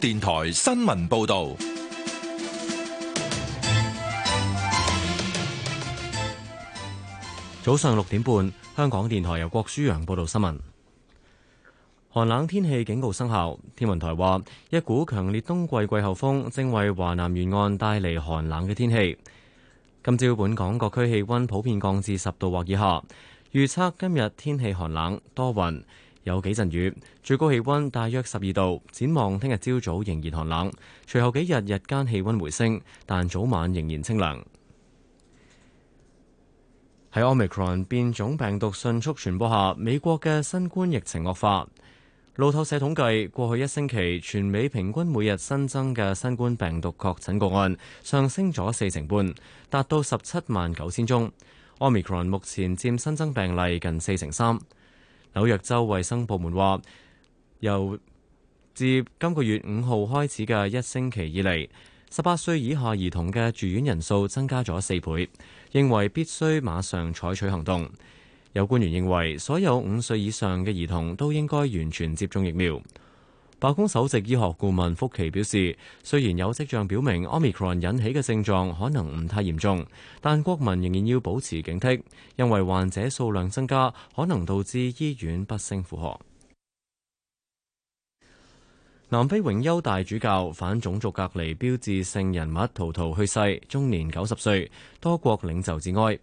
電台新聞報道。早上六點半，香港電台由郭書陽報道新聞。寒冷天氣警告生效，天文台話一股強烈冬季季候風正為華南沿岸帶嚟寒冷嘅天氣。今朝本港各區氣溫普遍降至十度或以下，預測今日天氣寒冷多雲。有幾陣雨，最高氣温大約十二度。展望聽日朝早仍然寒冷，隨後幾日日間氣温回升，但早晚仍然清涼。喺 Omicron 變種病毒迅速傳播下，美國嘅新冠疫情惡化。路透社統計，過去一星期，全美平均每日新增嘅新冠病毒確診個案上升咗四成半，達到十七萬九千宗。Omicron 目前佔新增病例近四成三。紐約州衛生部門話，由自今個月五號開始嘅一星期以嚟，十八歲以下兒童嘅住院人數增加咗四倍，認為必須馬上採取行動。有官員認為，所有五歲以上嘅兒童都應該完全接種疫苗。白宮首席醫學顧問福奇表示，雖然有跡象表明 Omicron 引起嘅症狀可能唔太嚴重，但國民仍然要保持警惕，因為患者數量增加可能導致醫院不勝負荷。南非榮休大主教、反種族隔離標誌性人物圖圖去世，終年九十歲，多國領袖致哀。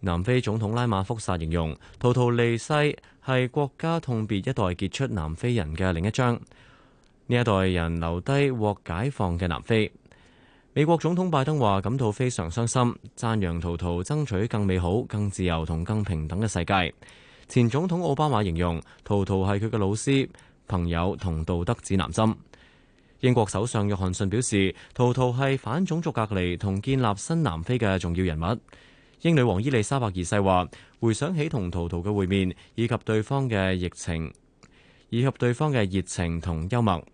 南非總統拉馬福薩形容，圖圖離世係國家痛別一代傑出南非人嘅另一章。呢一代人留低獲解放嘅南非。美國總統拜登話感到非常傷心，讚揚圖圖爭取更美好、更自由同更平等嘅世界。前總統奧巴馬形容圖圖係佢嘅老師、朋友同道德指南針。英國首相約翰遜表示，圖圖係反種族隔離同建立新南非嘅重要人物。英女王伊利沙伯二世話：回想起同圖圖嘅會面，以及對方嘅熱情，以及對方嘅熱情同幽默。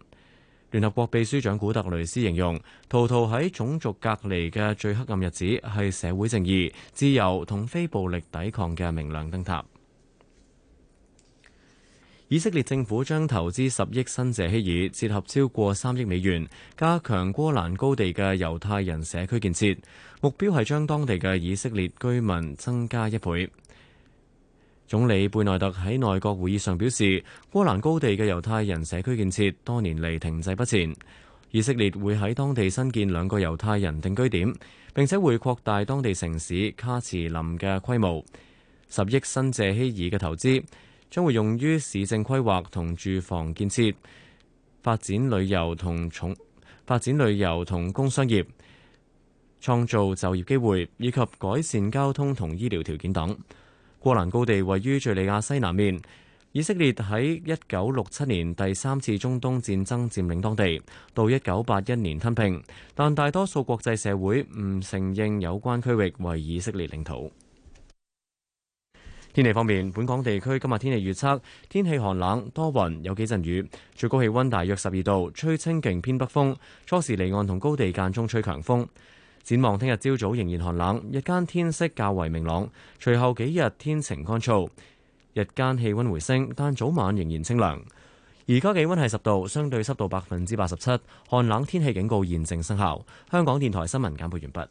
聯合國秘書長古特雷斯形容，圖圖喺種族隔離嘅最黑暗日子係社會正義、自由同非暴力抵抗嘅明亮燈塔。以色列政府將投資十億新謝希爾，折合超過三億美元，加強戈蘭高地嘅猶太人社區建設。目標係將當地嘅以色列居民增加一倍。總理貝內特喺內閣會議上表示，戈蘭高地嘅猶太人社區建設多年嚟停滯不前。以色列會喺當地新建兩個猶太人定居點，並且會擴大當地城市卡茨林嘅規模。十億新謝希爾嘅投資將會用於市政規劃同住房建設、發展旅遊同重發展旅遊同工商業。創造就業機會以及改善交通同醫療條件等。戈蘭高地位於敍利亞西南面，以色列喺一九六七年第三次中東戰爭佔領當地，到一九八一年吞併，但大多數國際社會唔承認有關區域為以色列領土。天氣方面，本港地區今日天氣預測天氣寒冷多雲，有幾陣雨，最高氣溫大約十二度，吹清勁偏北風，初時離岸同高地間中吹強風。展望聽日朝早仍然寒冷，日間天色較為明朗，隨後幾日天晴乾燥，日間氣溫回升，但早晚仍然清涼。而家氣溫係十度，相對濕度百分之八十七，寒冷天氣警告現正生效。香港電台新聞簡報完畢。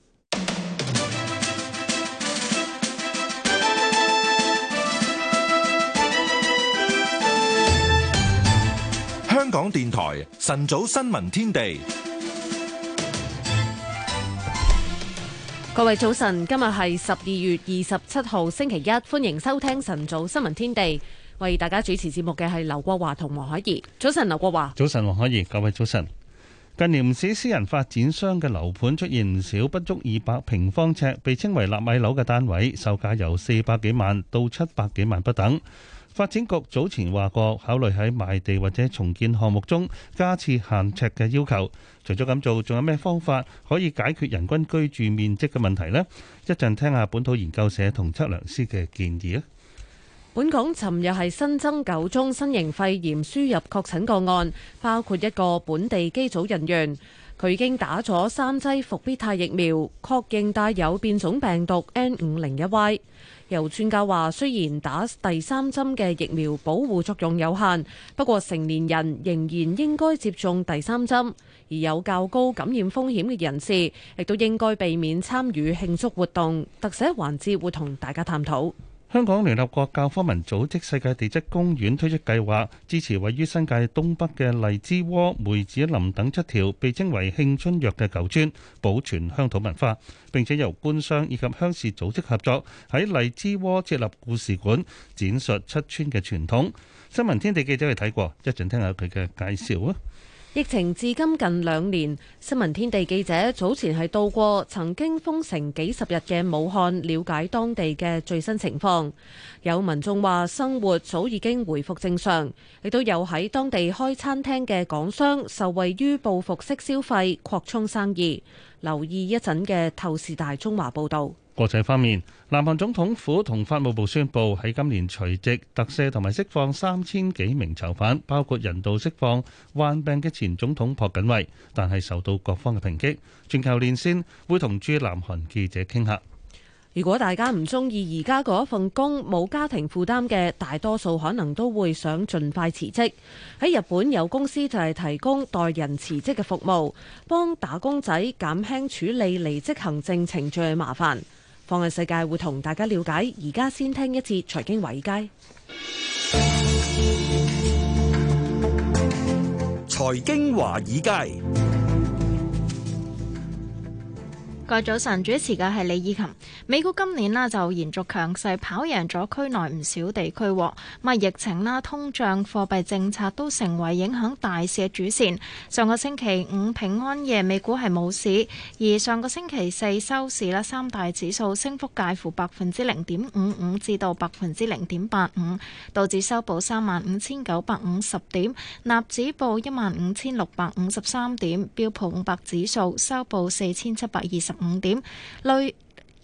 香港電台晨早新聞天地。各位早晨，今日係十二月二十七號星期一，歡迎收聽晨早新聞天地。為大家主持節目嘅係劉國華同黃海怡。早晨，劉國華。早晨，黃海怡。各位早晨。近年唔少私人發展商嘅樓盤出現唔少不足二百平方尺，被稱為納米樓嘅單位，售價由四百幾萬到七百幾萬不等。發展局早前話過，考慮喺賣地或者重建項目中加設限尺嘅要求。除咗咁做，仲有咩方法可以解決人均居住面積嘅問題呢？一陣聽下本土研究社同測量師嘅建議啊！本港尋日係新增九宗新型肺炎輸入確診個案，包括一個本地機組人員。佢已經打咗三劑復必泰疫苗，確認帶有變種病毒 N 五零一 Y。有專家話，雖然打第三針嘅疫苗保護作用有限，不過成年人仍然應該接種第三針，而有較高感染風險嘅人士亦都應該避免參與慶祝活動。特寫環節會同大家探討。香港聯合國教科文組織世界地質公園推出計劃，支持位於新界東北嘅荔枝窩梅子林等七條被稱為「慶春約」嘅舊村，保存鄉土文化。並且由官商以及鄉市組織合作，喺荔枝窩設立故事館，展述七村嘅傳統。新聞天地記者去睇過，一陣聽下佢嘅介紹啊！疫情至今近兩年，新聞天地記者早前係到過曾經封城幾十日嘅武漢了解當地嘅最新情況，有民眾話生活早已經回復正常，亦都有喺當地開餐廳嘅港商受惠於報復式消費擴充生意。留意一陣嘅透視大中華報道。國際方面，南韓總統府同法務部宣布喺今年除夕特赦同埋釋放三千幾名囚犯，包括人道釋放患病嘅前總統朴槿惠，但係受到各方嘅抨擊。全球連線會同駐南韓記者傾下。如果大家唔鍾意而家嗰份工，冇家庭負擔嘅大多數，可能都會想盡快辭職。喺日本有公司就係提供代人辭職嘅服務，幫打工仔減輕處理離職行政程序嘅麻煩。放眼世界，會同大家了解。而家先聽一次財經華爾街。財經華爾街。各位早晨，主持嘅係李以琴。美股今年呢就延續強勢，跑贏咗區內唔少地區，哦。咁啊，疫情啦、通脹貨幣政策都成為影響大市嘅主線，上個星期五平安夜美股係冇市，而上個星期四收市啦，三大指數升幅介乎百分之零點五五至到百分之零點八五，道指收報三萬五千九百五十點，納指報一萬五千六百五十三點，標普五百指數收報四千七百二十。五點累，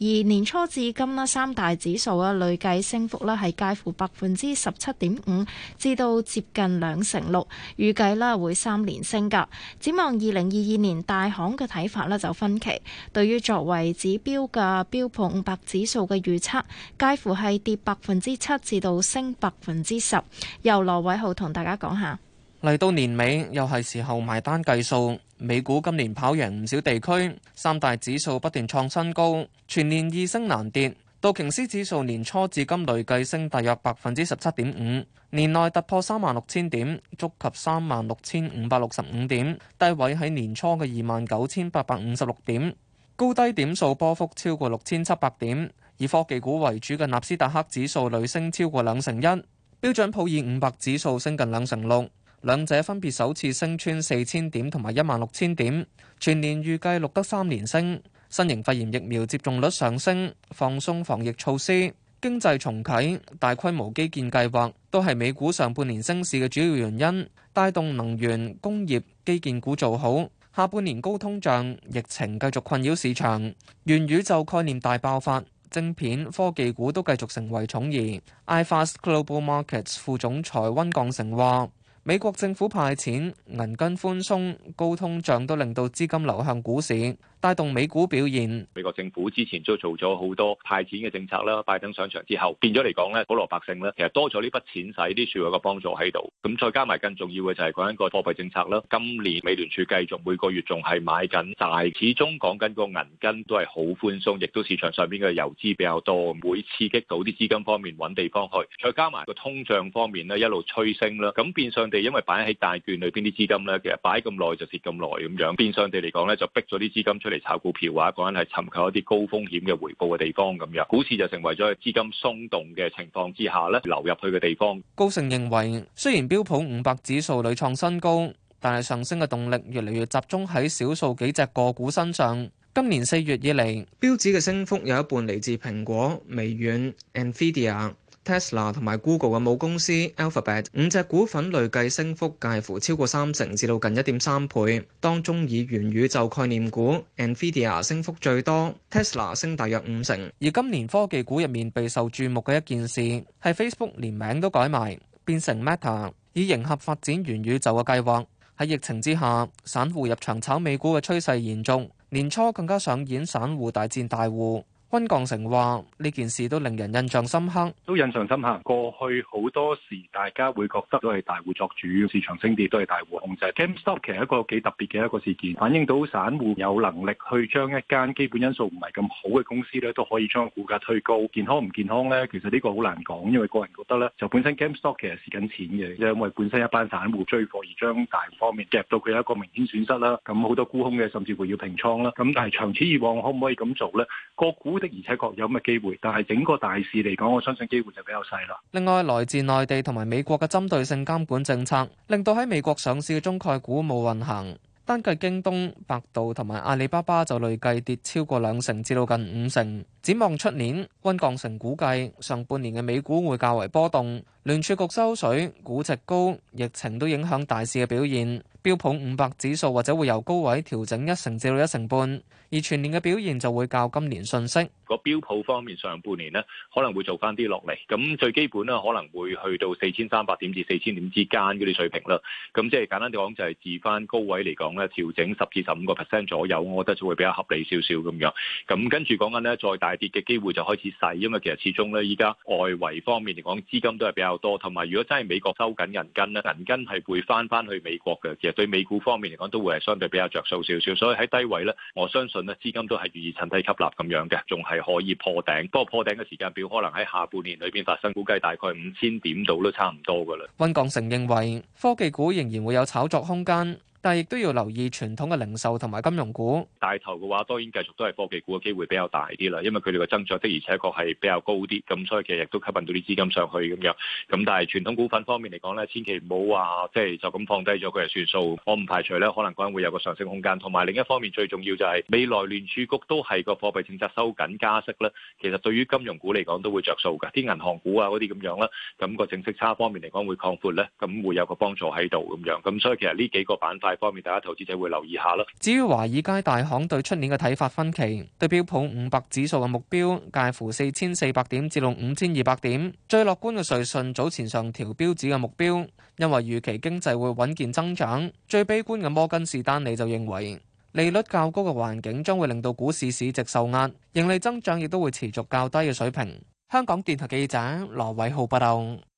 而年初至今呢，三大指數啊，累計升幅呢係介乎百分之十七點五至到接近兩成六，預計呢會三年升噶展望二零二二年大行嘅睇法呢就分歧，對於作為指標嘅標普五百指數嘅預測，介乎係跌百分之七至到升百分之十。由羅偉浩同大家講下，嚟到年尾又係時候埋單計數。美股今年跑贏唔少地區，三大指數不斷創新高，全年易升難跌。道瓊斯指數年初至今累計升大約百分之十七點五，年內突破三萬六千點，觸及三萬六千五百六十五點，低位喺年初嘅二萬九千八百五十六點，高低點數波幅超過六千七百點，以科技股為主嘅納斯達克指數累升超過兩成一，標準普爾五百指數升近兩成六。兩者分別首次升穿四千點同埋一萬六千點，全年預計錄得三連升。新型肺炎疫苗接種率上升、放鬆防疫措施、經濟重啟、大規模基建計劃，都係美股上半年升市嘅主要原因，帶動能源、工業、基建股做好。下半年高通脹、疫情繼續困擾市場，元宇宙概念大爆發，晶片科技股都繼續成為寵兒。iFast Global Markets 副總裁温鋼成話。美國政府派錢、銀根寬鬆、高通脹，都令到資金流向股市。帶動美股表現。美國政府之前都做咗好多派錢嘅政策啦，拜登上場之後變咗嚟講咧，普羅百姓咧其實多咗呢筆錢使，啲少有個幫助喺度。咁再加埋更重要嘅就係講緊個貨幣政策啦。今年美聯儲繼續每個月仲係買緊債，始終講緊個銀根都係好寬鬆，亦都市場上邊嘅游資比較多，會刺激到啲資金方面揾地方去。再加埋個通脹方面咧一路推升啦，咁變相地因為擺喺大券裏邊啲資金咧，其實擺咁耐就蝕咁耐咁樣，變相地嚟講咧就逼咗啲資金出。嚟炒股票啊！一個人係尋求一啲高風險嘅回報嘅地方咁樣，股市就成為咗資金鬆動嘅情況之下咧，流入去嘅地方。高盛認為，雖然標普五百指數屢創新高，但係上升嘅動力越嚟越集中喺少數幾隻個，個股身上。今年四月以嚟，標指嘅升幅有一半嚟自蘋果、微軟、NVIDIA。Tesla 同埋 Google 嘅母公司 Alphabet 五隻股份累計升幅介乎超過三成，至到近一點三倍。當中以元宇宙概念股 NVIDIA 升幅最多，Tesla 升大約五成。而今年科技股入面備受注目嘅一件事係 Facebook 連名都改埋，變成 Meta，以迎合發展元宇宙嘅計劃。喺疫情之下，散戶入場炒美股嘅趨勢嚴重，年初更加上演散戶大戰大戶。溫鋼城話：呢件事都令人印象深刻，都印象深刻。過去好多時，大家會覺得都係大戶作主，市場升跌都係大戶控制。GameStop 其實一個幾特別嘅一個事件，反映到散戶有能力去將一間基本因素唔係咁好嘅公司咧，都可以將股價推高。健康唔健康咧，其實呢個好難講，因為個人覺得咧，就本身 GameStop 其實蝕緊錢嘅，因為本身一班散戶追貨而將大方面夾到佢有一個明顯損失啦。咁好多沽空嘅甚至乎要平倉啦。咁但係長此以往可唔可以咁做咧？個股？的而且確有咁嘅機會，但係整個大市嚟講，我相信機會就比較細啦。另外，來自內地同埋美國嘅針對性監管政策，令到喺美國上市嘅中概股冇運行。單計京東、百度同埋阿里巴巴就累計跌超過兩成，至到近五成。展望出年，溫鋼城估計上半年嘅美股會較為波動。聯儲局收水，估值高，疫情都影響大市嘅表現。標普五百指數或者會由高位調整一成至到一成半，而全年嘅表現就會較今年遜色。個標普方面上半年咧可能會做翻啲落嚟，咁最基本咧可能會去到四千三百點至四千點之間嗰啲水平啦。咁即係簡單地講就係、是、自翻高位嚟講咧調整十至十五個 percent 左右，我覺得就會比較合理少少咁樣。咁跟住講緊咧再大跌嘅機會就開始細，因為其實始終呢，依家外圍方面嚟講資金都係比較多，同埋如果真係美國收緊銀根咧，銀根係會翻翻去美國嘅，其實對美股方面嚟講都會係相對比較着數少少，所以喺低位咧，我相信咧資金都係願意趁低吸納咁樣嘅，仲係可以破頂。不過破頂嘅時間表可能喺下半年裏邊發生，估計大概五千點度都差唔多噶啦。溫鋼成認為科技股仍然會有炒作空間。但亦都要留意傳統嘅零售同埋金融股，大頭嘅話當然繼續都係科技股嘅機會比較大啲啦，因為佢哋嘅增長的而且確係比較高啲，咁所以其實亦都吸引到啲資金上去咁樣。咁但係傳統股份方面嚟講咧，千祈唔好話即係就咁放低咗佢就算數。我唔排除咧，可能嗰陣會有個上升空間。同埋另一方面最重要就係未來聯儲局都係個貨幣政策收緊加息咧，其實對於金融股嚟講都會着數嘅，啲銀行股啊嗰啲咁樣啦，咁個整息差方面嚟講會擴闊咧，咁會有個幫助喺度咁樣。咁所以其實呢幾個板塊方面，大家投資者會留意下咯。至於華爾街大行對出年嘅睇法分歧，對標普五百指數嘅目標介乎四千四百點至到五千二百點。最樂觀嘅瑞信早前上調標指嘅目標，因為預期經濟會穩健增長。最悲觀嘅摩根士丹利就認為，利率較高嘅環境將會令到股市市值受壓，盈利增長亦都會持續較低嘅水平。香港電台記者羅偉浩報道。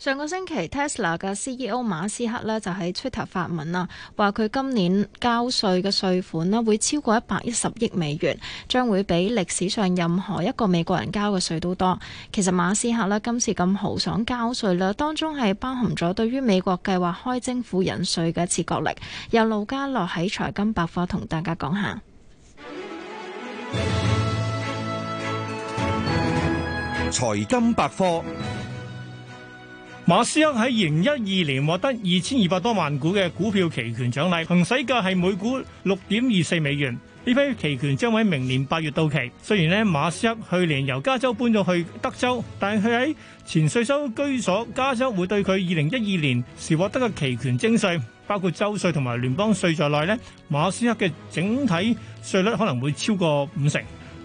上個星期，Tesla 嘅 CEO 馬斯克咧就喺 Twitter 發文啦，話佢今年交稅嘅稅款咧會超過一百一十億美元，將會比歷史上任何一個美國人交嘅稅都多。其實馬斯克咧今次咁豪爽交稅咧，當中係包含咗對於美國計劃開徵富人稅嘅一次角力。由盧嘉樂喺財金百科同大家講下。財金百科。馬斯克喺二零一二年獲得二千二百多萬股嘅股票期權獎勵，行使價係每股六點二四美元。呢批期權將會喺明年八月到期。雖然咧馬斯克去年由加州搬咗去德州，但係佢喺前稅收居所加州會對佢二零一二年時獲得嘅期權徵稅，包括州稅同埋聯邦稅在內呢，馬斯克嘅整體稅率可能會超過五成。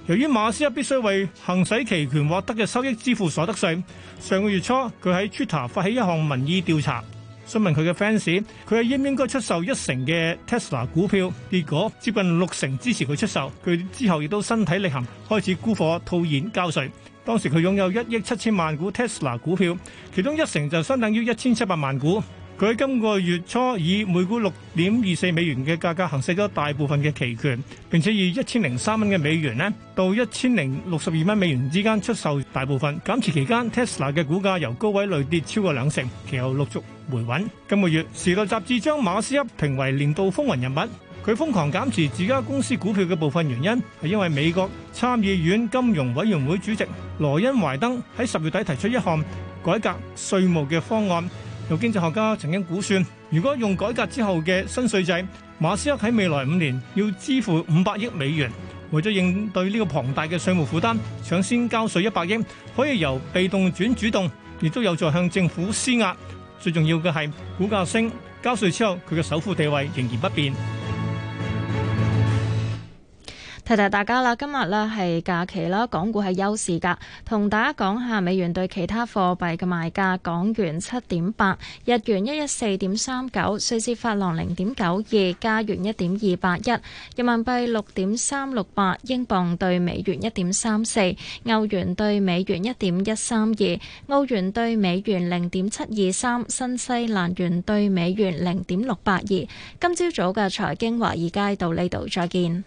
由於馬斯克必須為行使期權獲得嘅收益支付所得稅，上個月初佢喺 Twitter 發起一項民意調查，詢問佢嘅 fans 佢係應唔應該出售一成嘅 Tesla 股票。結果接近六成支持佢出售。佢之後亦都身體力行開始沽貨套現交稅。當時佢擁有一億七千萬股 Tesla 股票，其中一成就相等於一千七百萬股。佢喺今個月初以每股六點二四美元嘅價格行使咗大部分嘅期權，並且以一千零三蚊嘅美元咧到一千零六十二蚊美元之間出售大部分。減持期間，Tesla 嘅股價由高位累跌超過兩成，其後陸續回穩。今個月，《時代雜誌》將馬斯克評為年度風雲人物。佢瘋狂減持自家公司股票嘅部分原因係因為美國參議院金融委員會主席羅恩·懷登喺十月底提出一項改革稅務嘅方案。有經濟學家曾經估算，如果用改革之後嘅新稅制，馬斯克喺未來五年要支付五百億美元。為咗應對呢個龐大嘅稅務負擔，搶先交稅一百億，可以由被動轉主動，亦都有助向政府施壓。最重要嘅係，股價升，交稅之後，佢嘅首富地位仍然不變。提提大家啦，今日呢係假期啦，港股係休市㗎。同大家講下美元對其他貨幣嘅賣價：港元七點八，日元一一四點三九，瑞士法郎零點九二，加元一點二八一，人民幣六點三六八，英鎊對美元一點三四，歐元對美元一點一三二，澳元對美元零點七二三，新西蘭元對美元零點六八二。今朝早嘅財經華爾街到呢度，再見。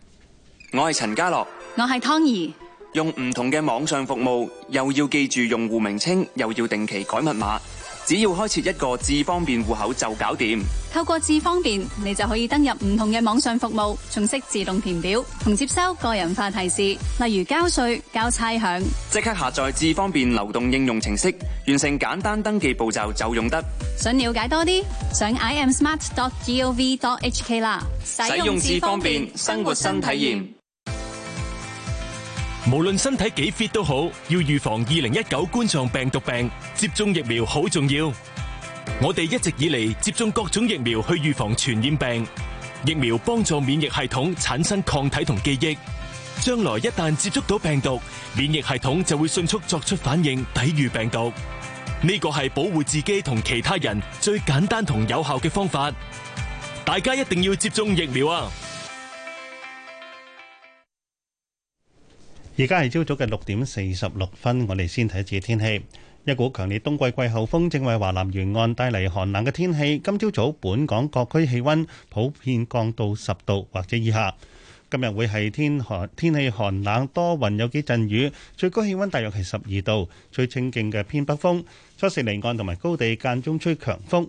我係陳家樂，我係湯怡。用唔同嘅網上服務，又要記住用戶名稱，又要定期改密碼。只要開設一個智方便戶口就搞掂。透過智方便，你就可以登入唔同嘅網上服務，仲識自動填表同接收個人化提示，例如交稅、交差餉。即刻下載智方便流動應用程式，完成簡單登記步驟就用得。想了解多啲，上 i am smart dot gov dot hk 啦。使用智方便，生活新體驗。無論身體幾 fit 都好，要預防二零一九冠狀病毒病，接種疫苗好重要。我哋一直以嚟接種各種疫苗去預防傳染病，疫苗幫助免疫系統產生抗體同記憶，將來一旦接觸到病毒，免疫系統就會迅速作出反應，抵禦病毒。呢個係保護自己同其他人最簡單同有效嘅方法，大家一定要接種疫苗啊！而家係朝早嘅六點四十六分，我哋先睇一次天氣。一股強烈冬季季候風正為華南沿岸帶嚟寒冷嘅天氣。今朝早本港各區氣温普遍降到十度或者以下。今日會係天寒，天氣寒冷，多雲有幾陣雨。最高氣温大約係十二度，最清勁嘅偏北風，初時離岸同埋高地間中吹強風。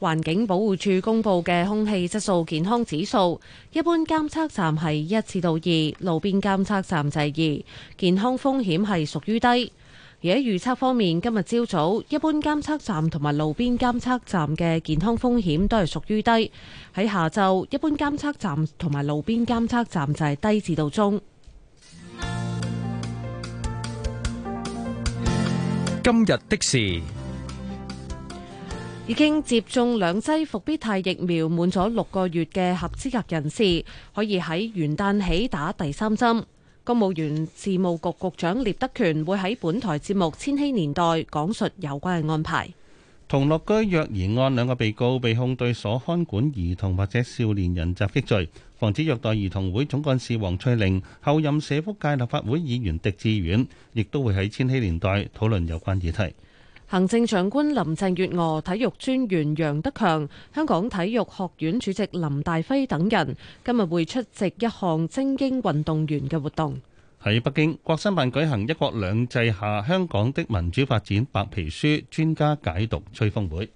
環境保護署公布嘅空氣質素健康指數，一般監測站係一至到二，路邊監測站就係二，健康風險係屬於低。而喺預測方面，今日朝早一般監測站同埋路邊監測站嘅健康風險都係屬於低。喺下晝，一般監測站同埋路邊監測站就係低至到中。今日的事。已經接種兩劑復必泰疫苗滿咗六個月嘅合資格人士，可以喺元旦起打第三針。公務員事務局局長聶德權會喺本台節目《千禧年代》講述有關嘅安排。同樂居虐兒案兩個被告被控對所看管兒童或者少年人襲擊罪，防止虐待兒童會總幹事黃翠玲、候任社福界立法會議員狄志遠，亦都會喺《千禧年代》討論有關議題。行政長官林鄭月娥、體育專員楊德強、香港體育學院主席林大輝等人今日會出席一項精英運動員嘅活動。喺北京，國新辦舉行《一國兩制下香港的民主發展》白皮書專家解讀吹風會。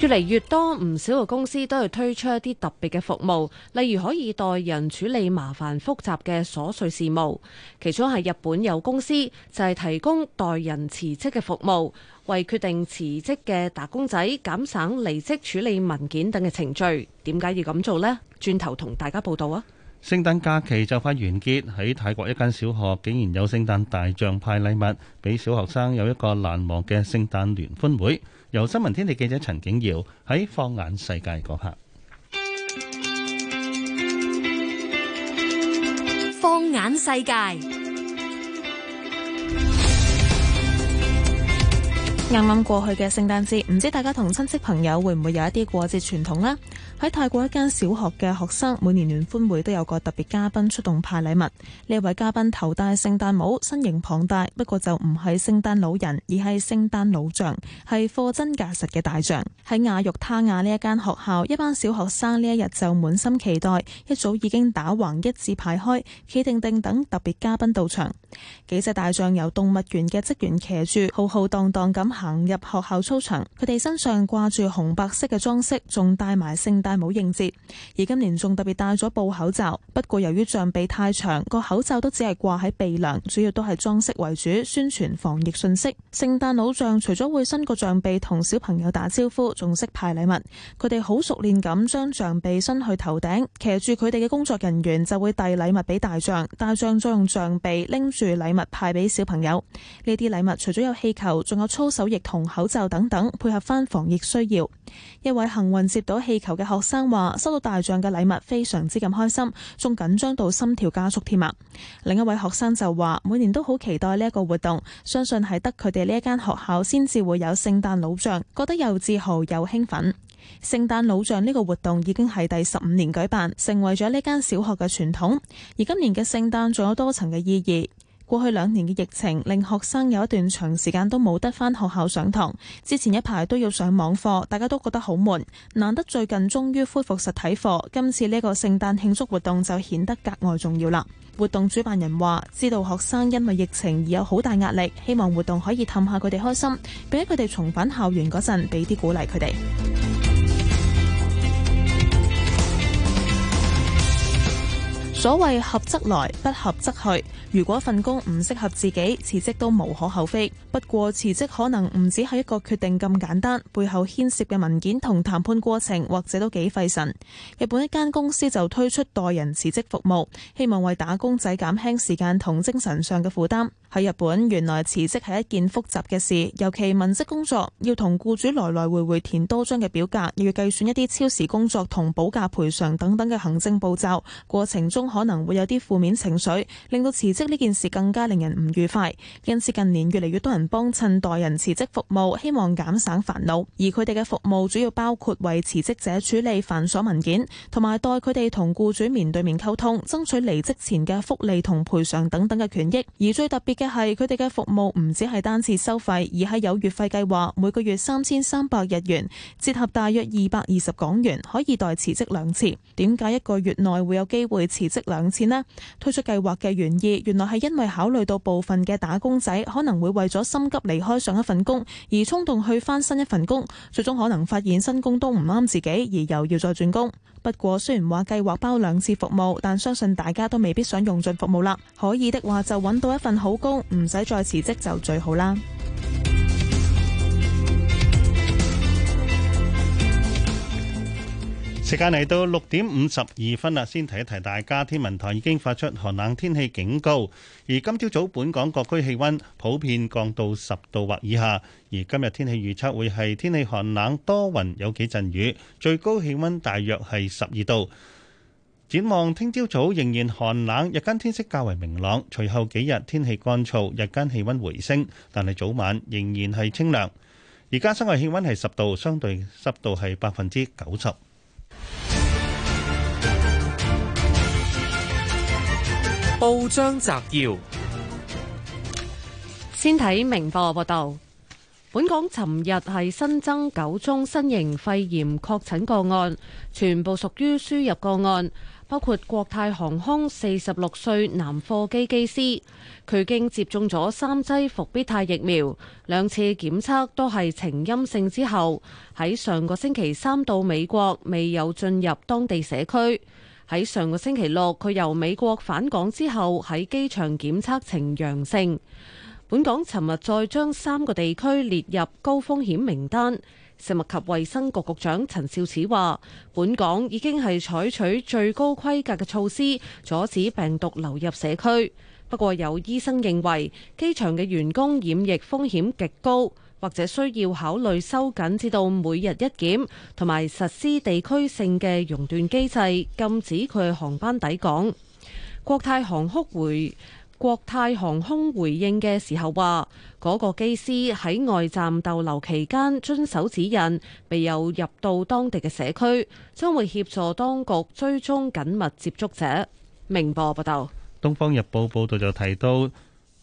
越嚟越多唔少嘅公司都係推出一啲特別嘅服務，例如可以代人處理麻煩複雜嘅瑣碎事務。其中係日本有公司就係提供代人辭職嘅服務，為決定辭職嘅打工仔減省離職處理文件等嘅程序。點解要咁做呢？轉頭同大家報道啊！聖誕假期就快完結，喺泰國一間小學竟然有聖誕大象派禮物俾小學生，有一個難忘嘅聖誕聯歡會。由新聞天地記者陳景耀喺放眼世界嗰刻。放眼世界。啱啱過去嘅聖誕節，唔知大家同親戚朋友會唔會有一啲過節傳統啦？喺泰國一間小學嘅學生，每年聯歡會都有個特別嘉賓出動派禮物。呢位嘉賓頭戴聖誕帽，身形龐大，不過就唔係聖誕老人，而係聖誕老象，係貨真價實嘅大象。喺亞玉他亞呢一間學校，一班小學生呢一日就滿心期待，一早已經打橫一字排開，企定定等特別嘉賓到場。幾隻大象由動物園嘅職員騎住，浩浩蕩蕩咁，行入學校操場，佢哋身上掛住紅白色嘅裝飾，仲戴埋聖誕帽應節。而今年仲特別戴咗布口罩，不過由於象鼻太長，個口罩都只係掛喺鼻梁，主要都係裝飾為主，宣傳防疫信息。聖誕老象除咗會伸個象鼻同小朋友打招呼，仲識派禮物。佢哋好熟練咁將象鼻伸去頭頂，騎住佢哋嘅工作人員就會遞禮物俾大象，大象再用象鼻拎住禮物派俾小朋友。呢啲禮物除咗有氣球，仲有粗手。疫同口罩等等配合翻防疫需要。一位行運接到氣球嘅學生話：收到大象嘅禮物非常之咁開心，仲緊張到心跳加速添啊！另一位學生就話：每年都好期待呢一個活動，相信係得佢哋呢一間學校先至會有聖誕老象，覺得又自豪又興奮。聖誕老象呢個活動已經係第十五年舉辦，成為咗呢間小學嘅傳統。而今年嘅聖誕仲有多層嘅意義。過去兩年嘅疫情令學生有一段長時間都冇得返學校上堂，之前一排都要上網課，大家都覺得好悶。難得最近終於恢復實體課，今次呢個聖誕慶祝活動就顯得格外重要啦。活動主辦人話：知道學生因為疫情而有好大壓力，希望活動可以氹下佢哋開心，俾佢哋重返校園嗰陣俾啲鼓勵佢哋。所謂合則來，不合則去。如果份工唔適合自己，辭職都無可厚非。不過辭職可能唔止係一個決定咁簡單，背後牽涉嘅文件同談判過程，或者都幾費神。日本一間公司就推出代人辭職服務，希望為打工仔減輕時間同精神上嘅負擔。喺日本，原來辭職係一件複雜嘅事，尤其文職工作要同雇主來來回回填多張嘅表格，又要計算一啲超時工作同補假賠償等等嘅行政步驟，過程中可能會有啲負面情緒，令到辭職呢件事更加令人唔愉快。因此近年越嚟越多人幫襯代人辭職服務，希望減省煩惱。而佢哋嘅服務主要包括為辭職者處理繁瑣文件，同埋代佢哋同雇主面對面溝通，爭取離職前嘅福利同賠償等等嘅權益。而最特別嘅係佢哋嘅服務唔止係單次收費，而係有月費計劃，每個月三千三百日元，折合大約二百二十港元，可以代辭職兩次。點解一個月內會有機會辭職兩次呢？推出計劃嘅原意，原來係因為考慮到部分嘅打工仔可能會為咗心急離開上一份工而衝動去翻新一份工，最終可能發現新工都唔啱自己，而又要再轉工。不過雖然話計劃包兩次服務，但相信大家都未必想用盡服務啦。可以嘅話就揾到一份好工，唔使再辭職就最好啦。時間嚟到六點五十二分啦，先提一提大家。天文台已經發出寒冷天氣警告，而今朝早本港各區氣溫普遍降到十度或以下。而今日天氣預測會係天氣寒冷，多雲有幾陣雨，最高氣溫大約係十二度。展望聽朝早仍然寒冷，日間天色較為明朗。隨後幾日天氣乾燥，日間氣溫回升，但係早晚仍然係清涼。而家室外氣溫係十度，相對濕度係百分之九十。報章摘要，先睇明報報道。本港尋日係新增九宗新型肺炎確診個案，全部屬於輸入個案。包括國泰航空四十六歲男貨機機師，佢經接種咗三劑復必泰疫苗，兩次檢測都係呈陰性之後，喺上個星期三到美國，未有進入當地社區。喺上個星期六，佢由美國返港之後，喺機場檢測呈陽性。本港尋日再將三個地區列入高風險名單。食物及衞生局局長陳肇始話：本港已經係採取最高規格嘅措施，阻止病毒流入社區。不過，有醫生認為機場嘅員工染疫風險極高，或者需要考慮收緊至到每日一檢，同埋實施地區性嘅熔斷機制，禁止佢航班抵港。國泰航空回國泰航空回應嘅時候話，嗰個機師喺外站逗留期間遵守指引，未有入到當地嘅社區，將會協助當局追蹤緊密接觸者。明報報道，《東方日報》報道就提到，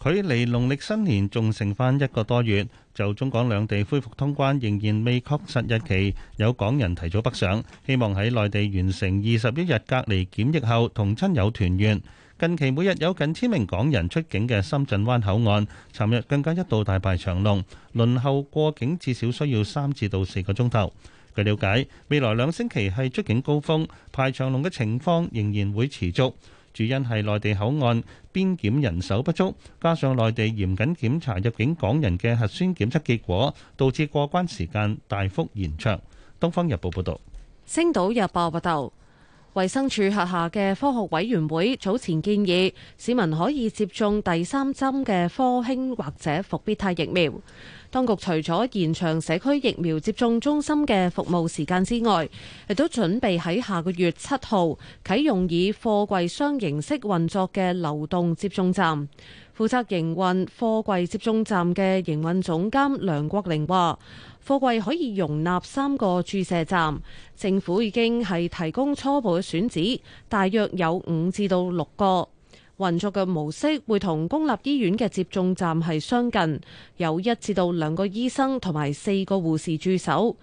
距離農曆新年仲剩返一個多月，就中港兩地恢復通關仍然未確實日期，有港人提早北上，希望喺內地完成二十一日隔離檢疫後同親友團圓。近期每日有近千名港人出境嘅深圳灣口岸，尋日更加一度大排長龍，輪候過境至少需要三至到四個鐘頭。據瞭解，未來兩星期係出境高峰，排長龍嘅情況仍然會持續。主因係內地口岸邊檢人手不足，加上內地嚴謹檢查入境港人嘅核酸檢測結果，導致過關時間大幅延長。《東方日報》報導，《星島日報》報導。衛生署轄下嘅科學委員會早前建議，市民可以接種第三針嘅科興或者復必泰疫苗。當局除咗延長社區疫苗接種中心嘅服務時間之外，亦都準備喺下個月七號啟用以貨櫃箱形式運作嘅流動接種站。負責營運貨櫃接種站嘅營運總監梁國玲話：貨櫃可以容納三個注射站，政府已經係提供初步嘅選址，大約有五至到六個。運作嘅模式會同公立醫院嘅接種站係相近，有一至到兩個醫生同埋四個護士駐守。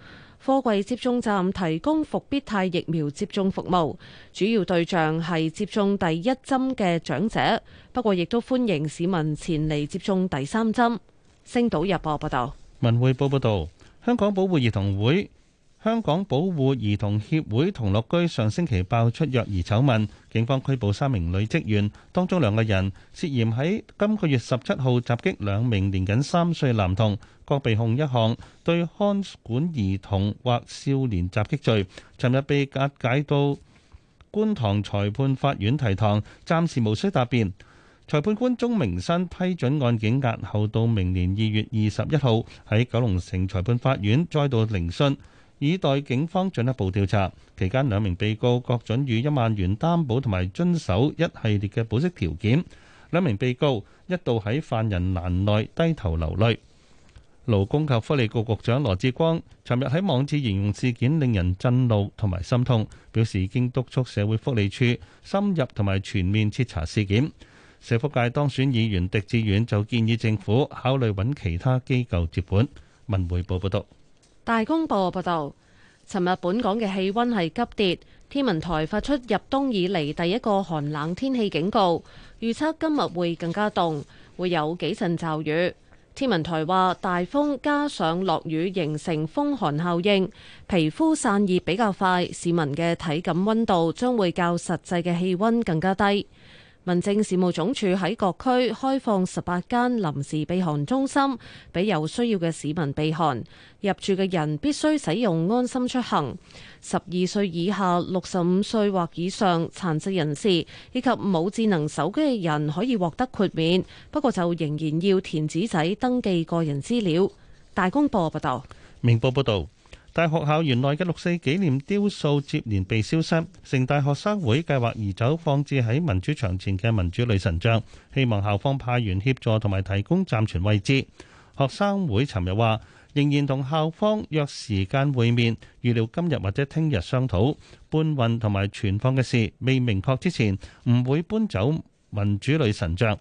貨櫃接種站提供復必泰疫苗接種服務，主要對象係接種第一針嘅長者，不過亦都歡迎市民前嚟接種第三針。星島日報報道。文匯報報道：香港保護兒童會。香港保護兒童協會同樂居上星期爆出虐兒醜聞，警方拘捕三名女職員，當中兩個人涉嫌喺今個月十七號襲擊兩名年僅三歲男童，各被控一項對看管兒童或少年襲擊罪。尋日被押解到觀塘裁判法院提堂，暫時無需答辯。裁判官鍾明新批准案件押後到明年二月二十一號喺九龍城裁判法院再度聆訊，以待警方進一步調查。期間，兩名被告各準予一萬元擔保，同埋遵守一系列嘅保釋條件。兩名被告一度喺犯人欄內低頭流淚。勞工及福利局局長羅致光尋日喺網誌形容事件令人震怒同埋心痛，表示已經督促社會福利署深入同埋全面徹查事件。社福界當選議員狄志遠就建議政府考慮揾其他機構接管。文匯報報導。大公報報道，尋日本港嘅氣溫係急跌，天文台發出入冬以嚟，第一個寒冷天氣警告，預測今日會更加凍，會有幾陣驟雨。天文台話大風加上落雨，形成風寒效應，皮膚散熱比較快，市民嘅體感溫度將會較實際嘅氣溫更加低。民政事務總署喺各區開放十八間臨時避寒中心，俾有需要嘅市民避寒。入住嘅人必須使用安心出行。十二歲以下、六十五歲或以上殘疾人士以及冇智能手機嘅人可以獲得豁免。不過就仍然要填紙仔登記個人資料。大公報報道，明報報道。大學校園內嘅六四紀念雕塑接連被消失，城大學生會計劃移走放置喺民主牆前嘅民主女神像，希望校方派員協助同埋提供暫存位置。學生會尋日話，仍然同校方約時間會面，預料今日或者聽日商討搬運同埋存放嘅事，未明確之前唔會搬走民主女神像。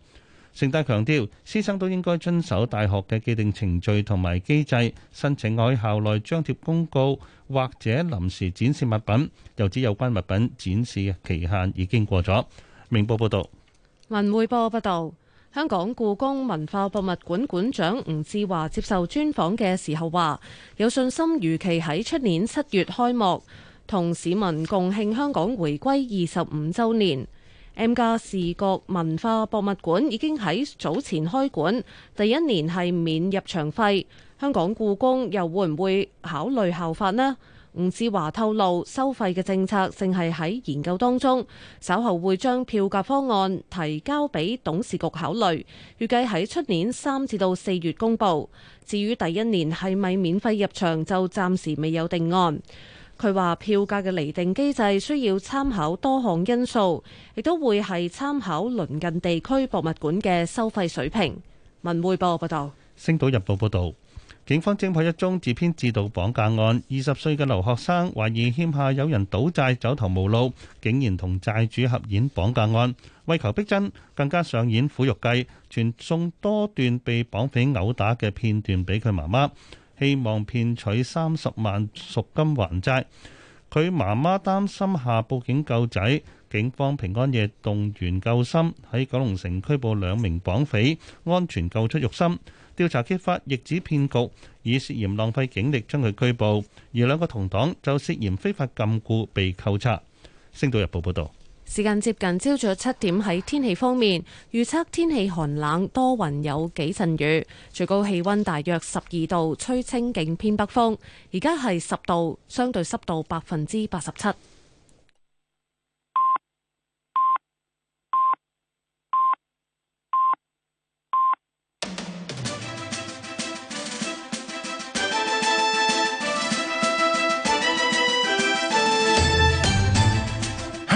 城大強調，師生都應該遵守大學嘅既定程序同埋機制，申請外校內張貼公告或者臨時展示物品。又指有關物品展示期限已經過咗。明報報道。文匯報報道，香港故宮文化博物館館館長吳志華接受專訪嘅時候話：有信心如期喺出年七月開幕，同市民共慶香港回歸二十五週年。M+ 視覺文化博物館已經喺早前開館，第一年係免入場費。香港故宮又會唔會考慮效法呢？吳志華透露，收費嘅政策正係喺研究當中，稍後會將票價方案提交俾董事局考慮，預計喺出年三至到四月公佈。至於第一年係咪免費入場，就暫時未有定案。佢話：票價嘅釐定機制需要參考多項因素，亦都會係參考鄰近地區博物館嘅收費水平。文匯報報道，《星島日報》報道，警方偵破一宗自編自導綁架案，二十歲嘅留學生懷疑欠下有人賭債走投無路，竟然同債主合演綁架案，為求逼真，更加上演苦肉計，傳送多段被綁匪毆打嘅片段俾佢媽媽。希望騙取三十萬贖金還債，佢媽媽擔心下報警救仔，警方平安夜動員救參，喺九龍城拘捕兩名綁匪，安全救出肉參。調查揭發逆子騙局，以涉嫌浪費警力將佢拘捕，而兩個同黨就涉嫌非法禁錮被扣查。星島日報報道。時間接近朝早七點，喺天氣方面預測天氣寒冷，多雲有幾陣雨，最高氣溫大約十二度，吹清勁偏北風。而家係十度，相對濕度百分之八十七。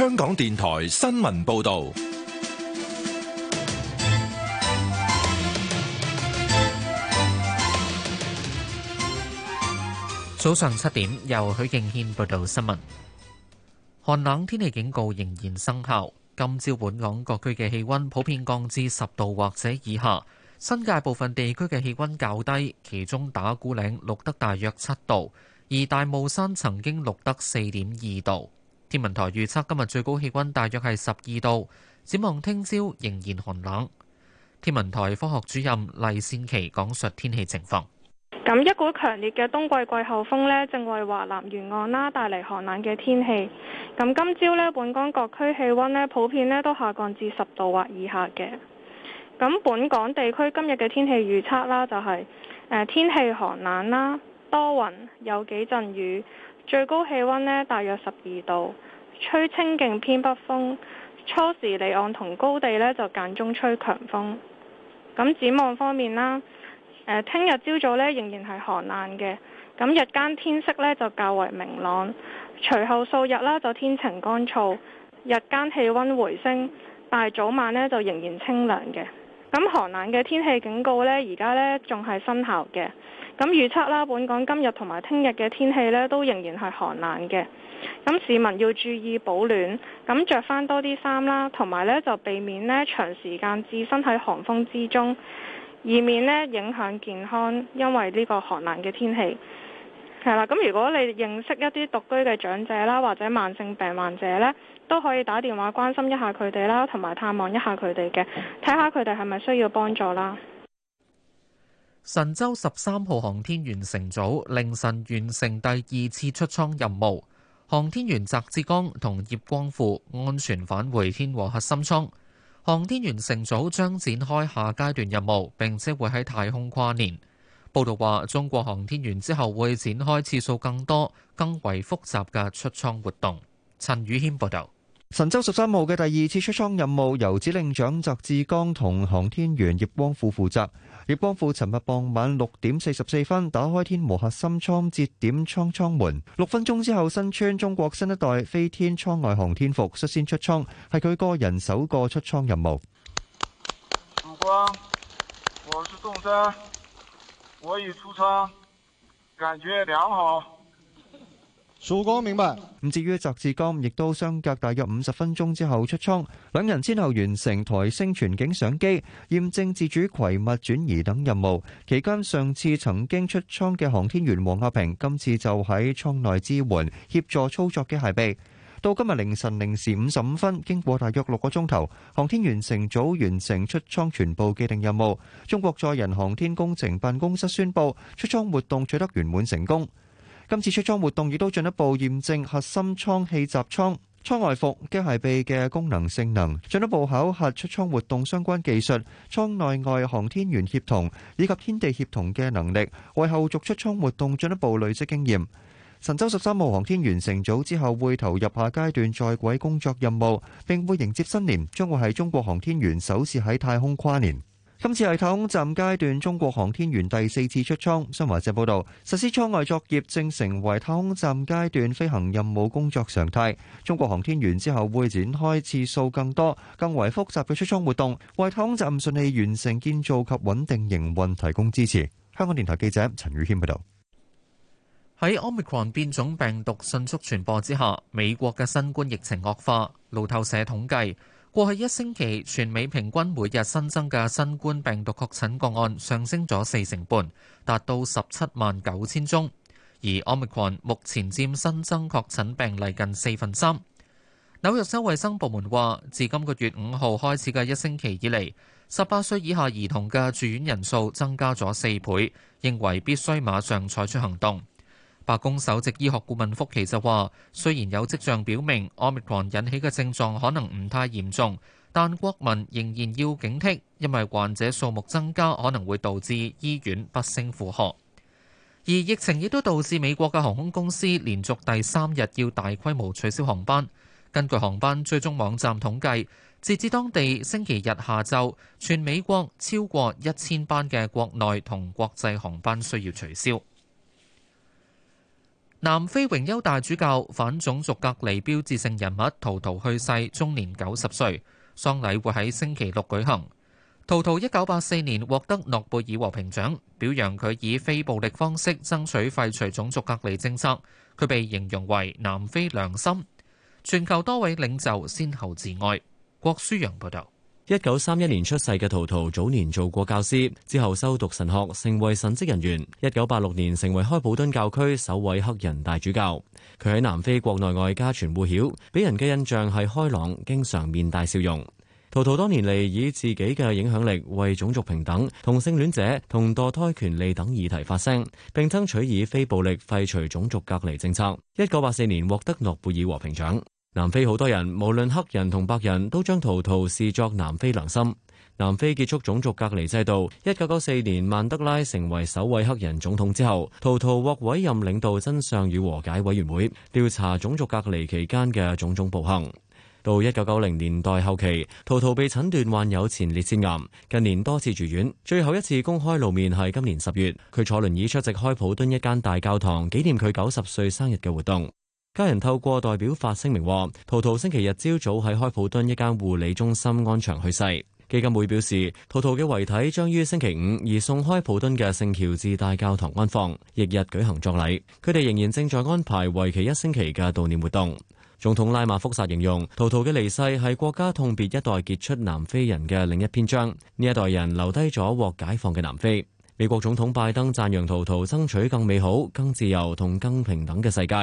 香港電台新聞報道。早上七點，由許敬軒報道新聞。寒冷天氣警告仍然生效。今朝本港各區嘅氣温普遍降至十度或者以下。新界部分地區嘅氣温較低，其中打鼓嶺錄得大約七度，而大帽山曾經錄得四點二度。天文台預測今日最高氣温大約係十二度，展望聽朝仍然寒冷。天文台科學主任黎善琪講述天氣情況。咁一股強烈嘅冬季季候風呢，正為華南沿岸啦帶嚟寒冷嘅天氣。咁今朝呢，本港各區氣温呢，普遍呢都下降至十度或以下嘅。咁本港地區今日嘅天氣預測啦，就係誒天氣寒冷啦，多雲，有幾陣雨。最高氣温，呢大約十二度，吹清勁偏北風。初時離岸同高地呢就間中吹強風。咁展望方面啦，誒聽日朝早呢仍然係寒冷嘅，咁日間天色呢就較為明朗，隨後數日啦就天晴乾燥，日間氣温回升，但係早晚呢就仍然清涼嘅。咁寒冷嘅天氣警告呢而家呢仲係生效嘅。咁預測啦，本港今日同埋聽日嘅天氣呢都仍然係寒冷嘅。咁市民要注意保暖，咁着翻多啲衫啦，同埋呢就避免呢長時間置身喺寒風之中，以免呢影響健康，因為呢個寒冷嘅天氣。係啦，咁如果你認識一啲獨居嘅長者啦，或者慢性病患者呢，都可以打電話關心一下佢哋啦，同埋探望一下佢哋嘅，睇下佢哋係咪需要幫助啦。神舟十三號航天員乘組凌晨完成第二次出艙任務，航天員翟志剛同葉光富安全返回天和核心艙。航天員乘組將展開下階段任務，並且會喺太空跨年。報導話，中國航天員之後會展開次數更多、更為複雜嘅出艙活動。陳宇軒報導。神舟十三號嘅第二次出艙任務由指令長翟志剛同航天員葉光富負責。葉光富尋日傍晚六點四十四分打開天和核心艙節點艙艙門，六分鐘之後身穿中國新一代飛天艙外航天服率先出艙，係佢個人首個出艙任務。曙光，我是宋征，我已出艙，感覺良好。組工明白。唔至於翟志剛亦都相隔大約五十分鐘之後出倉，兩人先後完成抬升全景相機、驗證自主携物轉移等任務。期間，上次曾經出倉嘅航天員王亞平，今次就喺艙內支援協助操作機械臂。到今日凌晨零時五十五分，經過大約六個鐘頭，航天員乘組完成出倉全部既定任務，中國載人航天工程辦公室宣布，出倉活動取得圓滿成功。今次出艙活動亦都進一步驗證核心艙、氣閘艙、艙外服、機械臂嘅功能性能，進一步考核出艙活動相關技術、艙內外航天員協同以及天地協同嘅能力，為後續出艙活動進一步累積經驗。神舟十三號航天員乘組之後會投入下階段在軌工作任務，並會迎接新年，將會係中國航天員首次喺太空跨年。今次係太空站階段，中國航天員第四次出艙。新華社報道，實施艙外作業正成為太空站階段飛行任務工作常態。中國航天員之後會展開次數更多、更為複雜嘅出艙活動，為太空站順利完成建造及穩定營運提供支持。香港電台記者陳宇軒報導。喺 Omicron 變種病毒迅速傳播之下，美國嘅新冠疫情惡化。路透社統計。過去一星期，全美平均每日新增嘅新冠病毒確診個案上升咗四成半，達到十七萬九千宗。而奧密克戎目前佔新增確診病例近四分三。紐約州衛生部門話，自今個月五號開始嘅一星期以嚟，十八歲以下兒童嘅住院人數增加咗四倍，認為必須馬上採取行動。白宮首席醫學顧問福奇就話：雖然有跡象表明 Omicron 引起嘅症狀可能唔太嚴重，但國民仍然要警惕，因為患者數目增加可能會導致醫院不勝負荷。而疫情亦都導致美國嘅航空公司連續第三日要大規模取消航班。根據航班追蹤網站統計，截至當地星期日下晝，全美國超過一千班嘅國內同國際航班需要取消。南非榮休大主教、反種族隔離標誌性人物圖圖去世，終年九十歲。喪禮會喺星期六舉行。圖圖一九八四年獲得諾貝爾和平獎，表揚佢以非暴力方式爭取廢除種族隔離政策。佢被形容為南非良心。全球多位領袖先後致哀。郭舒揚報導。一九三一年出世嘅陶陶，早年做過教師，之後修讀神學，成為神職人員。一九八六年成為開普敦教區首位黑人大主教。佢喺南非國內外家傳戶曉，俾人嘅印象係開朗，經常面帶笑容。陶陶多年嚟以自己嘅影響力為種族平等、同性戀者同墮胎權利等議題發聲，並爭取以非暴力廢除種族隔離政策。一九八四年獲得諾貝爾和平獎。南非好多人，無論黑人同白人都將圖圖視作南非良心。南非結束種族隔離制度，一九九四年曼德拉成為首位黑人總統之後，圖圖獲委任領導真相與和解委員會，調查種族隔離期間嘅種種暴行。到一九九零年代後期，圖圖被診斷患有前列腺癌，近年多次住院，最後一次公開露面係今年十月，佢坐輪椅出席開普敦一間大教堂紀念佢九十歲生日嘅活動。家人透過代表發聲明話，圖圖星期日朝早喺開普敦一間護理中心安詳去世。基金會表示，圖圖嘅遺體將於星期五移送開普敦嘅聖喬治大教堂安放，翌日舉行葬禮。佢哋仍然正在安排為期一星期嘅悼念活動。總統拉馬福薩形容，圖圖嘅離世係國家痛別一代傑出南非人嘅另一篇章。呢一代人留低咗獲解放嘅南非。美國總統拜登讚揚圖圖爭取更美好、更自由同更平等嘅世界。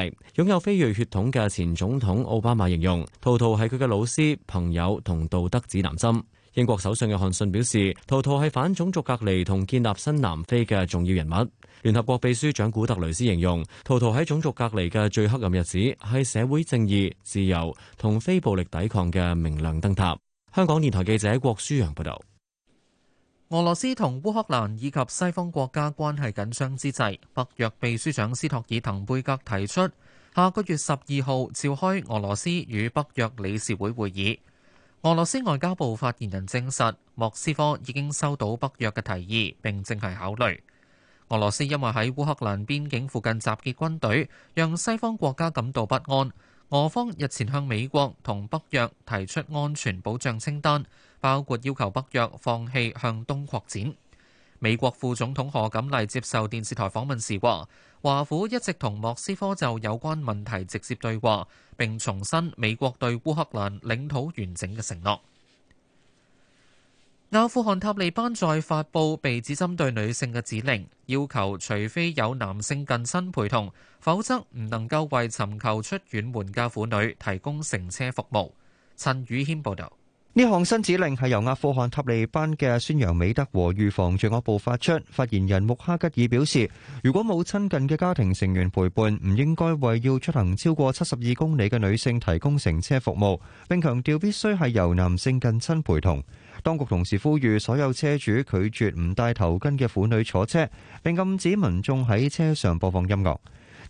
擁有非裔血統嘅前總統奧巴馬形容圖圖係佢嘅老師、朋友同道德指南針。英國首相約翰遜表示圖圖係反種族隔離同建立新南非嘅重要人物。聯合國秘書長古特雷斯形容圖圖喺種族隔離嘅最黑暗日子係社會正義、自由同非暴力抵抗嘅明亮燈塔。香港電台記者郭舒揚報道。俄羅斯同烏克蘭以及西方國家關係緊張之際，北約秘書長斯托爾滕貝格提出下個月十二號召開俄羅斯與北約理事會會議。俄羅斯外交部發言人證實，莫斯科已經收到北約嘅提議，並正係考慮。俄羅斯因為喺烏克蘭邊境附近集結軍隊，讓西方國家感到不安。俄方日前向美國同北約提出安全保障清單。包括要求北約放棄向東擴展。美國副總統賀錦麗接受電視台訪問時話，華府一直同莫斯科就有關問題直接對話，並重申美國對烏克蘭領土完整嘅承諾。阿富汗塔利班在發布被指針對女性嘅指令，要求除非有男性近親陪同，否則唔能夠為尋求出遠門嘅婦女提供乘車服務。陳宇謙報道。呢項新指令係由阿富汗塔利班嘅宣揚美德和預防罪惡部發出。發言人穆哈吉爾表示，如果冇親近嘅家庭成員陪伴，唔應該為要出行超過七十二公里嘅女性提供乘車服務。並強調必須係由男性近親陪同。當局同時呼籲所有車主拒絕唔戴頭巾嘅婦女坐車，並禁止民眾喺車上播放音樂。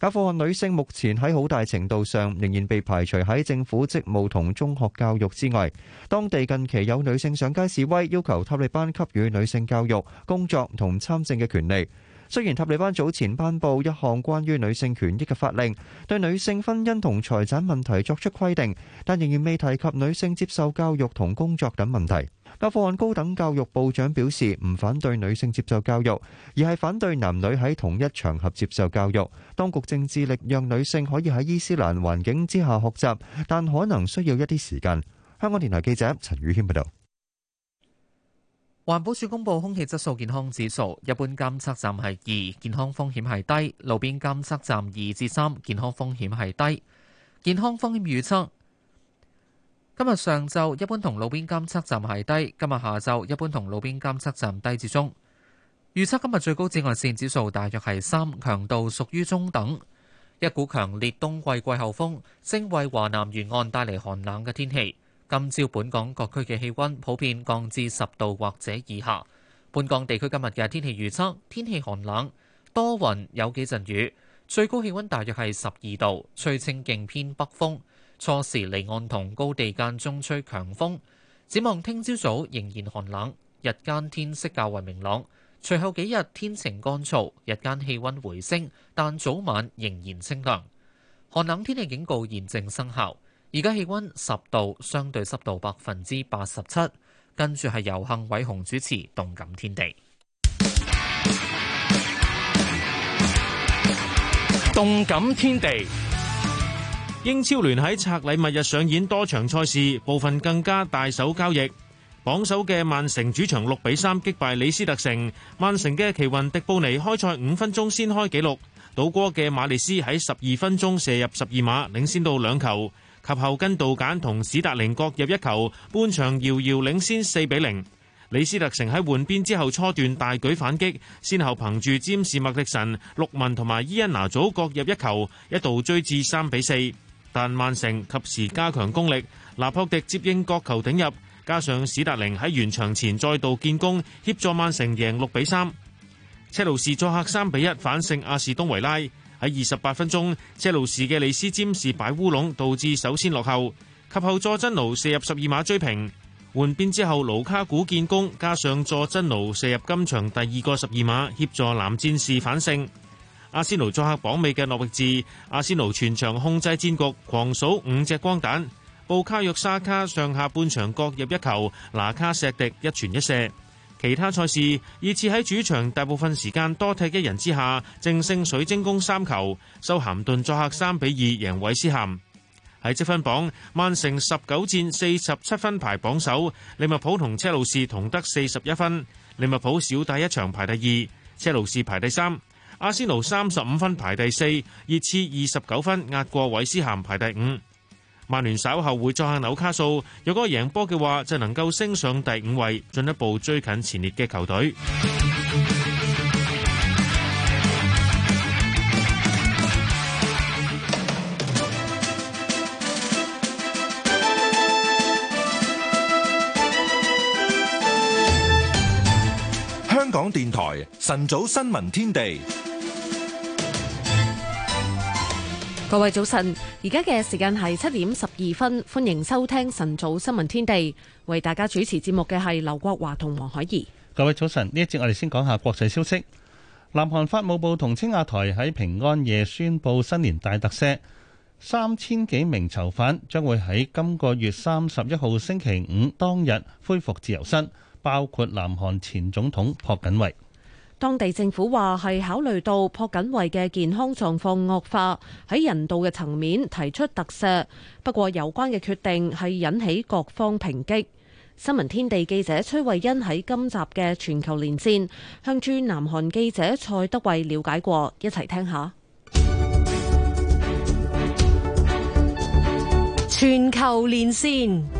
阿富汗女性目前喺好大程度上仍然被排除喺政府職務同中學教育之外。當地近期有女性上街示威，要求塔利班給予女性教育、工作同參政嘅權利。雖然塔利班早前頒布一項關於女性權益嘅法令，對女性婚姻同財產問題作出規定，但仍然未提及女性接受教育同工作等問題。阿富汗高等教育部長表示，唔反對女性接受教育，而係反對男女喺同一場合接受教育。當局正致力讓女性可以喺伊斯蘭環境之下學習，但可能需要一啲時間。香港電台記者陳宇謙報道。環保署公布空氣質素健康指數，一般監測站係二，健康風險係低；路邊監測站二至三，健康風險係低。健康風險預測。今日上晝一般同路邊監測站係低，今日下晝一般同路邊監測站低至中。預測今日最高紫外線指數大約係三，強度屬於中等。一股強烈冬季季候風正為華南沿岸帶嚟寒冷嘅天氣。今朝本港各區嘅氣温普遍降至十度或者以下。本港地區今日嘅天氣預測：天氣寒冷，多雲，有幾陣雨。最高氣温大約係十二度，吹清勁偏北風。初時離岸同高地間中吹強風，展望聽朝早，早仍然寒冷，日間天色較為明朗。隨後幾日天晴乾燥，日間氣溫回升，但早晚仍然清涼。寒冷天氣警告現正生效。而家氣溫十度，相對濕度百分之八十七。跟住係由幸偉雄主持《動感天地》，《動感天地》。英超聯喺拆禮物日上演多場賽事，部分更加大手交易。榜首嘅曼城主場六比三擊敗李斯特城。曼城嘅奇雲迪布尼開賽五分鐘先開紀錄，倒戈嘅馬利斯喺十二分鐘射入十二碼，領先到兩球。及後跟道簡同史達寧各入一球，半場遙遙領先四比零。李斯特城喺換邊之後初段大舉反擊，先後憑住詹士麥迪臣、陸文同埋伊恩拿祖各入一球，一度追至三比四。但曼城及時加強攻力，拿破迪接應角球頂入，加上史達寧喺完場前再度建功，協助曼城贏六比三。車路士作客三比一反勝阿士東維拉。喺二十八分鐘，車路士嘅利斯占士擺烏龍，導致首先落後，及後佐真奴射入十二碼追平。換邊之後，盧卡古建功，加上佐真奴射入今場第二個十二碼，協助藍戰士反勝。阿仙奴作客榜尾嘅諾域治，阿仙奴全場控制戰局，狂數五隻光蛋。布卡約沙卡上下半場各入一球，拿卡石迪一傳一射。其他賽事，熱刺喺主場大部分時間多踢一人之下，淨勝水晶宮三球，修咸頓作客三比二贏韋斯咸。喺積分榜，曼城十九戰四十七分排榜首，利物浦同車路士同得四十一分，利物浦少打一場排第二，車路士排第三。阿仙奴三十五分排第四，熱刺二十九分壓過韋斯咸排第五。曼聯稍後會再下紐卡素，若果贏波嘅話，就能夠升上第五位，進一步追近前列嘅球隊。晨早新聞天地，各位早晨，而家嘅時間係七點十二分，歡迎收聽晨早新聞天地。為大家主持節目嘅係劉國華同黃海怡。各位早晨，呢一節我哋先講下國際消息。南韓法務部同青瓦台喺平安夜宣布新年大特赦，三千幾名囚犯將會喺今個月三十一號星期五當日恢復自由身，包括南韓前總統朴槿惠。當地政府話係考慮到朴槿惠嘅健康狀況惡化，喺人道嘅層面提出特赦。不過有關嘅決定係引起各方抨擊。新聞天地記者崔慧欣喺今集嘅全球連線，向駐南韓記者蔡德惠了解過，一齊聽下。全球連線。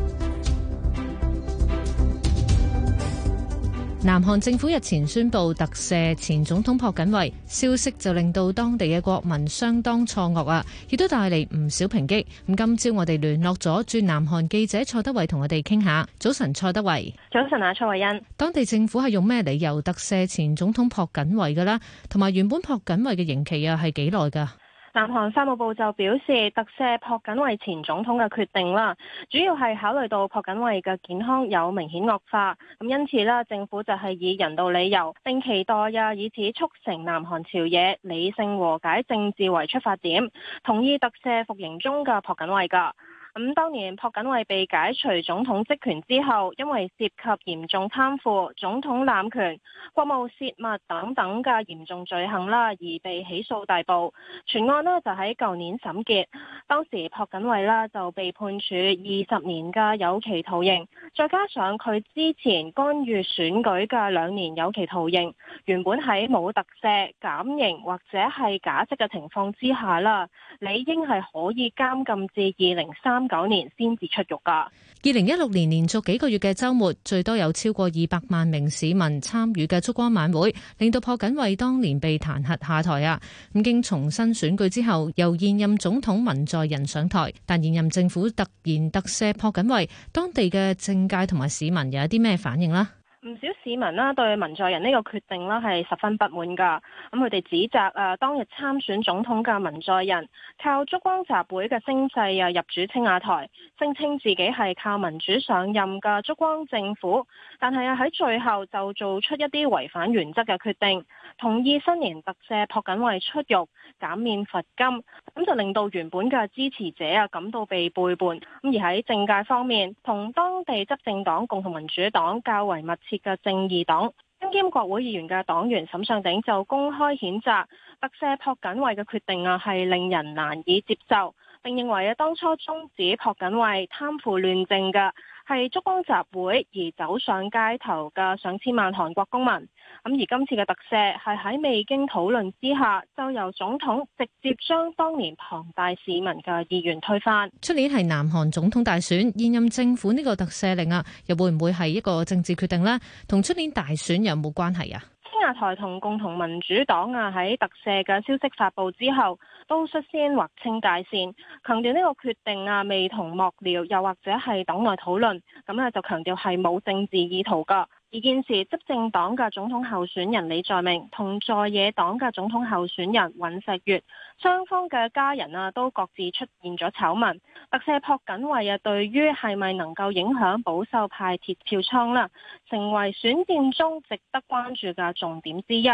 南韓政府日前宣布特赦前總統朴槿惠，消息就令到當地嘅國民相當錯愕啊，亦都帶嚟唔少抨擊。咁今朝我哋聯絡咗駐南韓記者蔡德偉同我哋傾下。早晨，早晨，蔡德偉。早晨啊，蔡慧恩。當地政府係用咩理由特赦前總統朴槿惠嘅啦？同埋原本朴槿惠嘅刑期啊係幾耐噶？南韓法務部就表示，特赦朴槿惠前總統嘅決定啦，主要係考慮到朴槿惠嘅健康有明顯惡化，咁因此啦，政府就係以人道理由，並期待啊，以此促成南韓朝野理性和解政治為出發點，同意特赦服刑中嘅朴槿惠噶。咁、嗯、當年朴槿惠被解除總統職權之後，因為涉及嚴重貪腐、總統濫權、國務泄密等等嘅嚴重罪行啦，而被起訴逮捕。全案呢，就喺舊年審結，當時朴槿惠啦就被判處二十年嘅有期徒刑，再加上佢之前干預選舉嘅兩年有期徒刑，原本喺冇特赦減刑或者係假釋嘅情況之下啦，理應係可以監禁至二零三。九年先至出獄噶。二零一六年連續幾個月嘅周末，最多有超過二百萬名市民參與嘅燭光晚會，令到朴槿惠當年被彈劾下台啊。咁經重新選舉之後，由現任總統文在寅上台，但現任政府突然特赦朴槿惠，當地嘅政界同埋市民有一啲咩反應呢？唔少市民啦，對文在寅呢個決定啦，係十分不滿噶。咁佢哋指責啊，當日參選總統嘅文在寅，靠燭光集會嘅聲勢又入主青瓦台，聲稱自己係靠民主上任嘅燭光政府。但係啊，喺最後就做出一啲違反原則嘅決定，同意新年特赦朴槿惠出獄減免罰金，咁就令到原本嘅支持者啊感到被背叛。咁而喺政界方面，同當地執政黨共同民主黨較為密切嘅正義黨，身兼國會議員嘅黨員沈尚鼎就公開譴責特赦朴槿惠嘅決定啊，係令人難以接受，並認為啊，當初終止朴槿惠貪腐亂政嘅。係燭光集會而走上街頭嘅上千萬韓國公民，咁而今次嘅特赦係喺未經討論之下，就由總統直接將當年龐大市民嘅意願推翻。出年係南韓總統大選，現任政府呢個特赦令啊，又會唔會係一個政治決定呢？同出年大選有冇關係啊？青瓦台同共同民主黨啊，喺特赦嘅消息發布之後，都率先劃清界線，強調呢個決定啊未同幕僚，又或者係黨內討論，咁咧就強調係冇政治意圖㗎。而現時執政黨嘅總統候選人李在明同在野黨嘅總統候選人尹錫悅，雙方嘅家人啊都各自出現咗醜聞。特赦朴槿惠啊，對於係咪能夠影響保守派鐵票倉啦，成為選戰中值得關注嘅重點之一。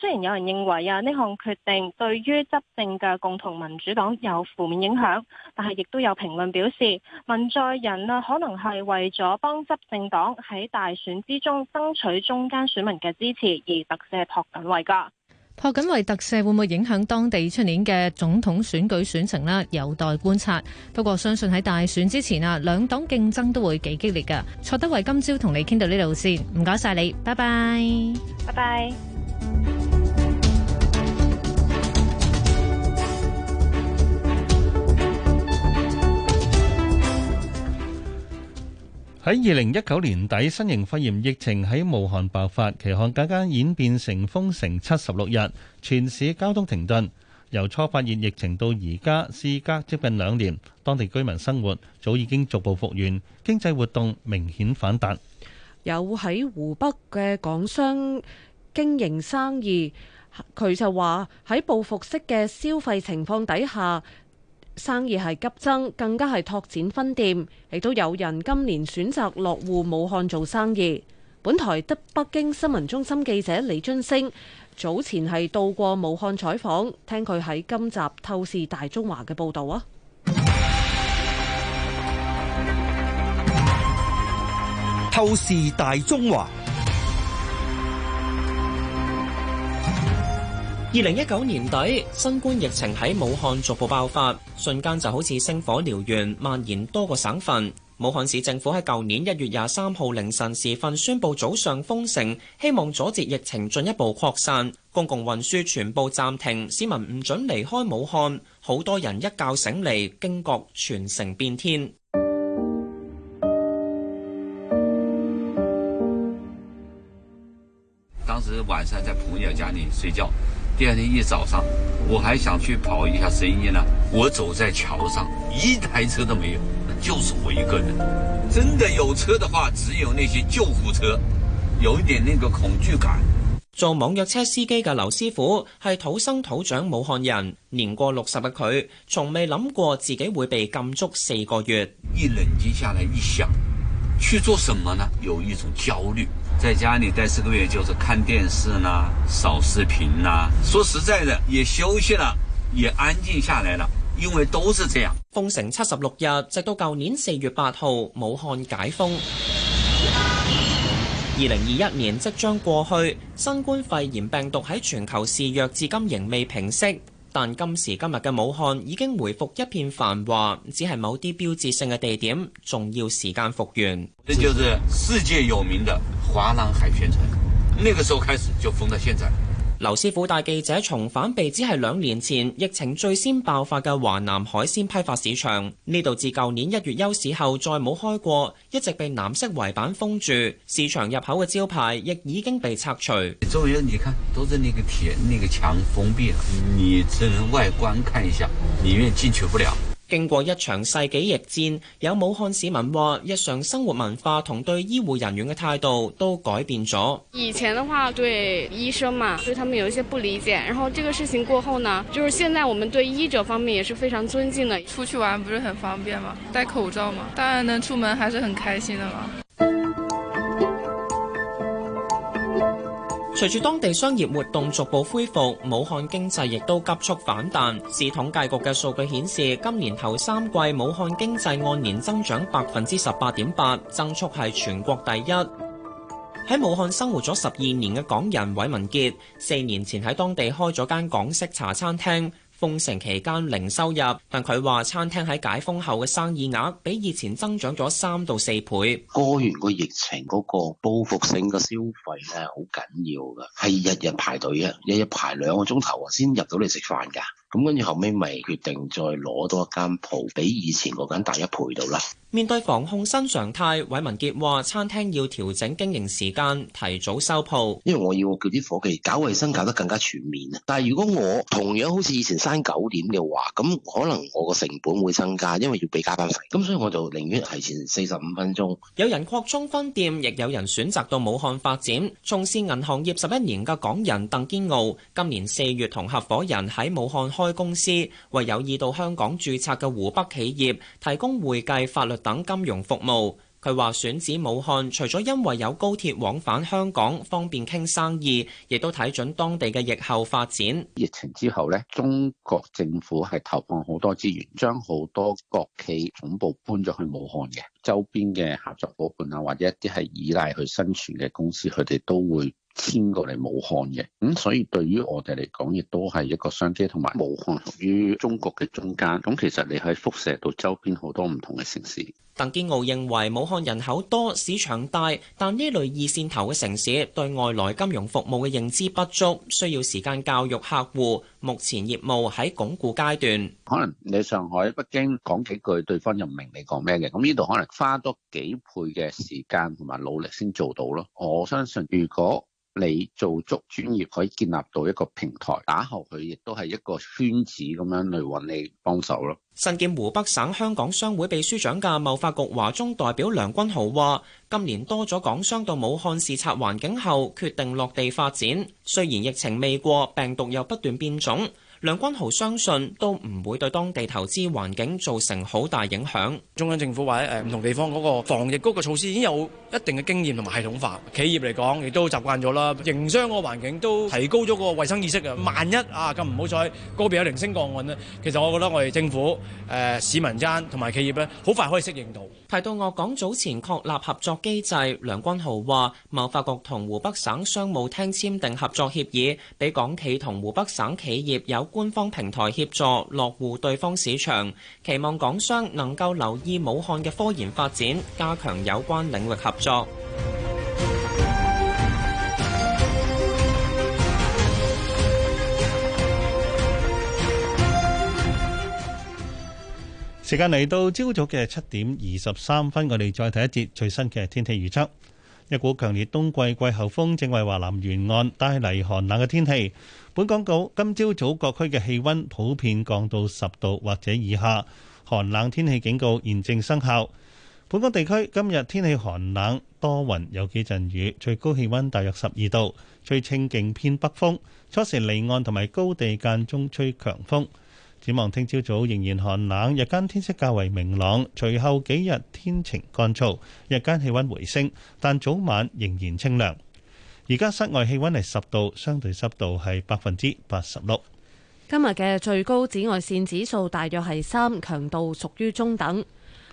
雖然有人認為啊，呢項決定對於執政嘅共同民主黨有負面影響，但係亦都有評論表示，文在寅啦可能係為咗幫執政黨喺大選之中爭取中間選民嘅支持而特赦朴槿惠噶。朴槿惠特赦會唔會影響當地出年嘅總統選舉選情呢？有待觀察。不過相信喺大選之前啊，兩黨競爭都會幾激烈噶。蔡德偉今朝同你傾到呢度先，唔該晒你，拜拜，拜拜。喺二零一九年底，新型肺炎疫情喺武漢爆發，期間更加演變成封城七十六日，全市交通停頓。由初發現疫情到而家，事隔接近兩年，當地居民生活早已經逐步復原，經濟活動明顯反彈。有喺湖北嘅港商經營生意，佢就話喺報復式嘅消費情況底下，生意係急增，更加係拓展分店，亦都有人今年選擇落戶武漢做生意。本台嘅北京新聞中心記者李津星早前係到過武漢採訪，聽佢喺今集《透視大中華》嘅報導啊，《透視大中華》。二零一九年底，新冠疫情喺武漢逐步爆發，瞬間就好似星火燎原，蔓延多個省份。武漢市政府喺舊年一月廿三號凌晨時分宣布早上封城，希望阻截疫情進一步擴散。公共運輸全部暫停，市民唔准離開武漢。好多人一覺醒嚟，驚覺全城變天。當時晚上在朋友家裏睡覺。第二天一早上，我還想去跑一下生意呢。我走在橋上，一台車都沒有，就是我一個人。真的有車的話，只有那些救護車，有一點那個恐懼感。做網約車司機嘅劉師傅，係土生土長武漢人，年過六十嘅佢，從未諗過自己會被禁足四個月。一冷靜下來一想。去做什麼呢？有一種焦慮，在家裡待四個月，就是看電視啦、啊、掃視頻啦、啊。說實在的，也休息了，也安靜下來了，因為都是這樣。封城七十六日，直到舊年四月八號，武漢解封。二零二一年即將過去，新冠肺炎病毒喺全球肆虐，至今仍未平息。但今時今日嘅武漢已經回復一片繁華，只係某啲標誌性嘅地點還要時間復原。這就是世界有名的華南海鮮城，那個時候開始就封到現在。劉師傅帶記者重返被指係兩年前疫情最先爆發嘅華南海鮮批發市場，呢度自舊年一月休市後再冇開過，一直被藍色圍板封住，市場入口嘅招牌亦已經被拆除。所有你看，都這那個鐵呢、那個牆封閉了，你只能外觀看一下，裏面進去不了。經過一場世紀疫戰，有武漢市民話，日常生活文化同對醫護人員嘅態度都改變咗。以前嘅話對醫生嘛，對他們有一些不理解，然後這個事情過後呢，就是現在我們對醫者方面也是非常尊敬嘅。出去玩不是很方便嘛，戴口罩嘛，當然能出門還是很開心嘅嘛。隨住當地商業活動逐步恢復，武漢經濟亦都急速反彈。市統計局嘅數據顯示，今年頭三季武漢經濟按年增長百分之十八點八，增速係全國第一。喺武漢生活咗十二年嘅港人韋文傑，四年前喺當地開咗間港式茶餐廳。封城期間零收入，但佢話餐廳喺解封後嘅生意額比以前增長咗三到四倍。過完個疫情嗰個報復性嘅消費咧，好緊要㗎，係日日排隊啊，日日排兩個鐘頭啊，先入到嚟食飯㗎。咁跟住後尾咪決定再攞多一間鋪，比以前嗰間大一倍到啦。面對防控新常態，韋文傑話：餐廳要調整經營時間，提早收鋪。因為我要叫啲伙計搞衛生搞得更加全面啊！但係如果我同樣好似以前閂九點嘅話，咁可能我個成本會增加，因為要俾加班費。咁所以我就寧願提前四十五分鐘。有人擴充分店，亦有人選擇到武漢發展。從事銀行業十一年嘅港人鄧堅傲，今年四月同合夥人喺武漢開公司，為有意到香港註冊嘅湖北企業提供會計，計、法律，等金融服務，佢話選址武漢除咗因為有高鐵往返香港，方便傾生意，亦都睇準當地嘅疫後發展。疫情之後咧，中國政府係投放好多資源，將好多國企總部搬咗去武漢嘅周邊嘅合作夥伴啊，或者一啲係依賴佢生存嘅公司，佢哋都會。遷過嚟武漢嘅，咁所以對於我哋嚟講，亦都係一個商機。同埋武漢屬於中國嘅中間，咁其實你喺輻射到周邊好多唔同嘅城市。鄧建豪認為武漢人口多、市場大，但呢類二線頭嘅城市對外來金融服務嘅認知不足，需要時間教育客戶。目前業務喺鞏固階段，可能你上海、北京講幾句，對方又唔明你講咩嘅，咁呢度可能花多幾倍嘅時間同埋努力先做到咯。我相信如果你做足專業，可以建立到一個平台，打後佢亦都係一個圈子咁樣嚟搵你幫手咯。身兼湖北省香港商會秘書長嘅貿發局華中代表梁君豪話：今年多咗港商到武漢視察環境後，決定落地發展。雖然疫情未過，病毒又不斷變種。梁君豪相信都唔會對當地投資環境造成好大影響，中央政府或者誒唔同地方嗰個防疫嗰個措施已經有一定嘅經驗同埋系統化，企業嚟講亦都習慣咗啦。營商個環境都提高咗個衛生意識啊！萬一啊咁唔好彩嗰邊有零星個案咧，其實我覺得我哋政府、誒、呃、市民間同埋企業咧，好快可以適應到。提到鄂港早前確立合作機制，梁君豪話貿發局同湖北省商務廳簽，簽訂合作協議，俾港企同湖北省企業有官方平台協助落戶對方市場，期望港商能夠留意武漢嘅科研發展，加強有關領域合作。時間嚟到朝早嘅七點二十三分，我哋再睇一節最新嘅天氣預測。一股強烈冬季季候風正為華南沿岸帶嚟寒冷嘅天氣。本港告今朝早，早各區嘅氣温普遍降到十度或者以下，寒冷天氣警告現正生效。本港地區今日天氣寒冷多雲，有幾陣雨，最高氣温大約十二度，吹清勁偏北風，初時離岸同埋高地間中吹強風。展望聽朝早，早仍然寒冷，日間天色較為明朗，隨後幾日天晴乾燥，日間氣温回升，但早晚仍然清涼。而家室外氣溫係十度，相對濕度係百分之八十六。今日嘅最高紫外線指數大約係三，強度屬於中等。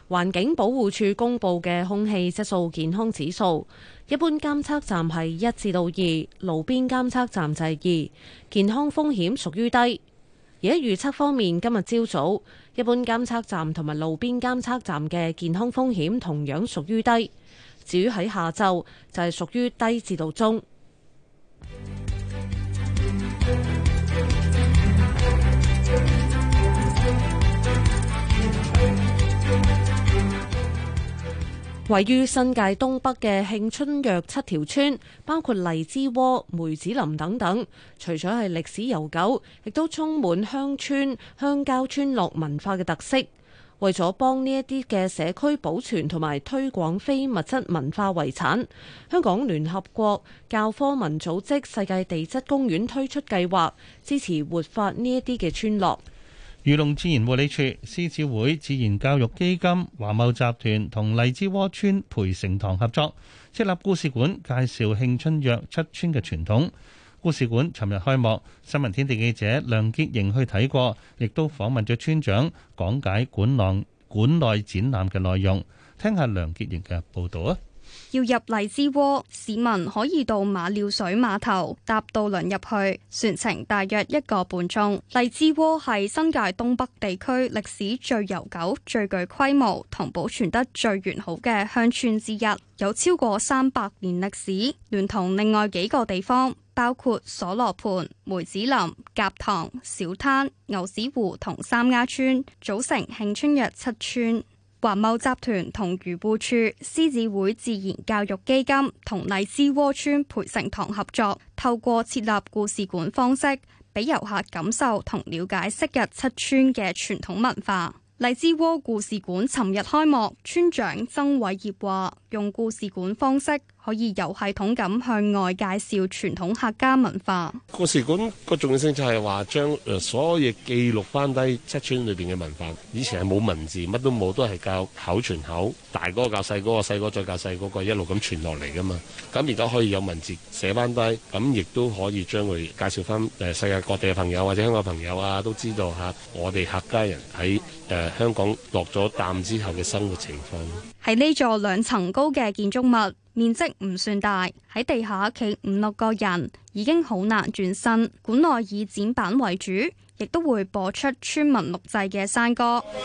環境保護署公布嘅空氣質素健康指數，一般監測站係一至到二，路邊監測站就係二，健康風險屬於低。而喺預測方面，今日朝早，一般監測站同埋路邊監測站嘅健康風險同樣屬於低。至於喺下晝就係、是、屬於低至度中。 位於新界東北嘅慶春約七條村，包括荔枝窩、梅子林等等，除咗係歷史悠久，亦都充滿鄉村鄉郊村落文化嘅特色。為咗幫呢一啲嘅社區保存同埋推廣非物質文化遺產，香港聯合國教科文組織世界地質公園推出計劃，支持活化呢一啲嘅村落。漁農自然護理署、獅子會自然教育基金、華茂集團同荔枝窩村培成堂合作設立故事館，介紹慶春約七村嘅傳統。故事館尋日開幕，新聞天地記者梁潔瑩去睇過，亦都訪問咗村長，講解館內館內展覽嘅內容，聽下梁潔瑩嘅報道啊！要入荔枝窩，市民可以到馬料水碼頭搭渡輪入去，船程大約一個半鐘。荔枝窩係新界東北地區歷史最悠久、最具規模同保存得最完好嘅鄉村之一，有超過三百年歷史。連同另外幾個地方，包括所羅盤、梅子林、夾塘、小灘、牛屎湖同三丫村，組成慶春約七村。華懋集團同漁護處、獅子會自然教育基金同荔枝窩村培成堂合作，透過設立故事館方式，俾遊客感受同了解昔日七村嘅傳統文化。荔枝窩故事館尋日開幕，村長曾偉業話。用故事館方式，可以有系統咁向外介紹傳統客家文化。故事館個重要性就係話，將誒所有嘢記錄翻低七村裏邊嘅文化。以前係冇文字，乜都冇，都係教口傳口，大個教細個細個再教細個，一路咁傳落嚟噶嘛。咁而家可以有文字寫翻低，咁亦都可以將佢介紹翻誒世界各地嘅朋友或者香港朋友啊，都知道吓、啊、我哋客家人喺誒、啊、香港落咗擔之後嘅生活情況。喺呢座兩層高，高嘅建築物面積唔算大，喺地下企五六個人已經好難轉身。館內以展板為主，亦都會播出村民錄製嘅山歌。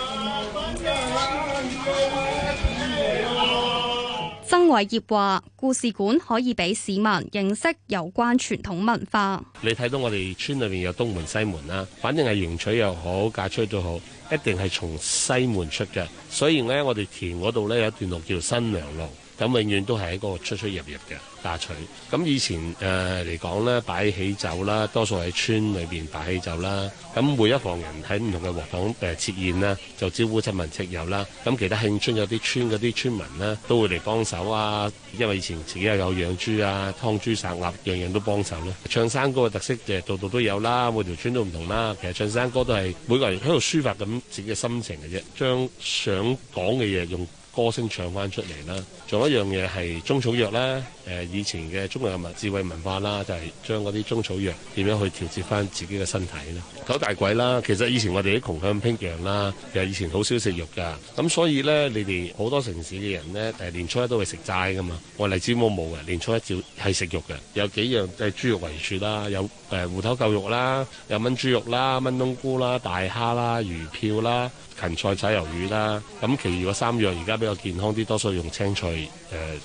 曾偉業話：故事館可以俾市民認識有關傳統文化。你睇到我哋村裏面有東門西門啦，反正係迎娶又好嫁出都好，一定係從西門出嘅，所以咧，我哋田度咧有一段路叫新娘路。咁永遠都係喺嗰個出出入入嘅嫁娶。咁以前誒嚟講咧，擺喜酒啦，多數喺村裏邊擺喜酒啦。咁每一房人喺唔同嘅禾棚誒設宴啦，就招呼親朋戚友啦。咁其他慶春有村有啲村嗰啲村民咧，都會嚟幫手啊。因為以前自己又有養豬啊，劏豬殺鴨，樣樣都幫手咧。唱山歌嘅特色，就係度度都有啦，每條村都唔同啦。其實唱山歌都係每個人喺度抒發咁自己嘅心情嘅啫，將想講嘅嘢用。歌聲唱翻出嚟啦，仲有一樣嘢係中草藥啦。誒、呃，以前嘅中國嘅物智慧文化啦，就係將嗰啲中草藥點樣去調節翻自己嘅身體啦。九大簋啦，其實以前我哋啲窮鄉僻壤啦，其實以前好少食肉㗎。咁所以呢，你哋好多城市嘅人呢，誒年初一都會食齋㗎嘛。我嚟自冇冇嘅，年初一照係食肉嘅。有幾樣即係豬肉為主啦，有誒芋、呃、頭扣肉啦，有燜豬肉啦，燜冬菇啦，大蝦啦，魚票啦。芹菜炒魷魚啦，咁其餘嗰三樣而家比較健康啲，多數用青菜誒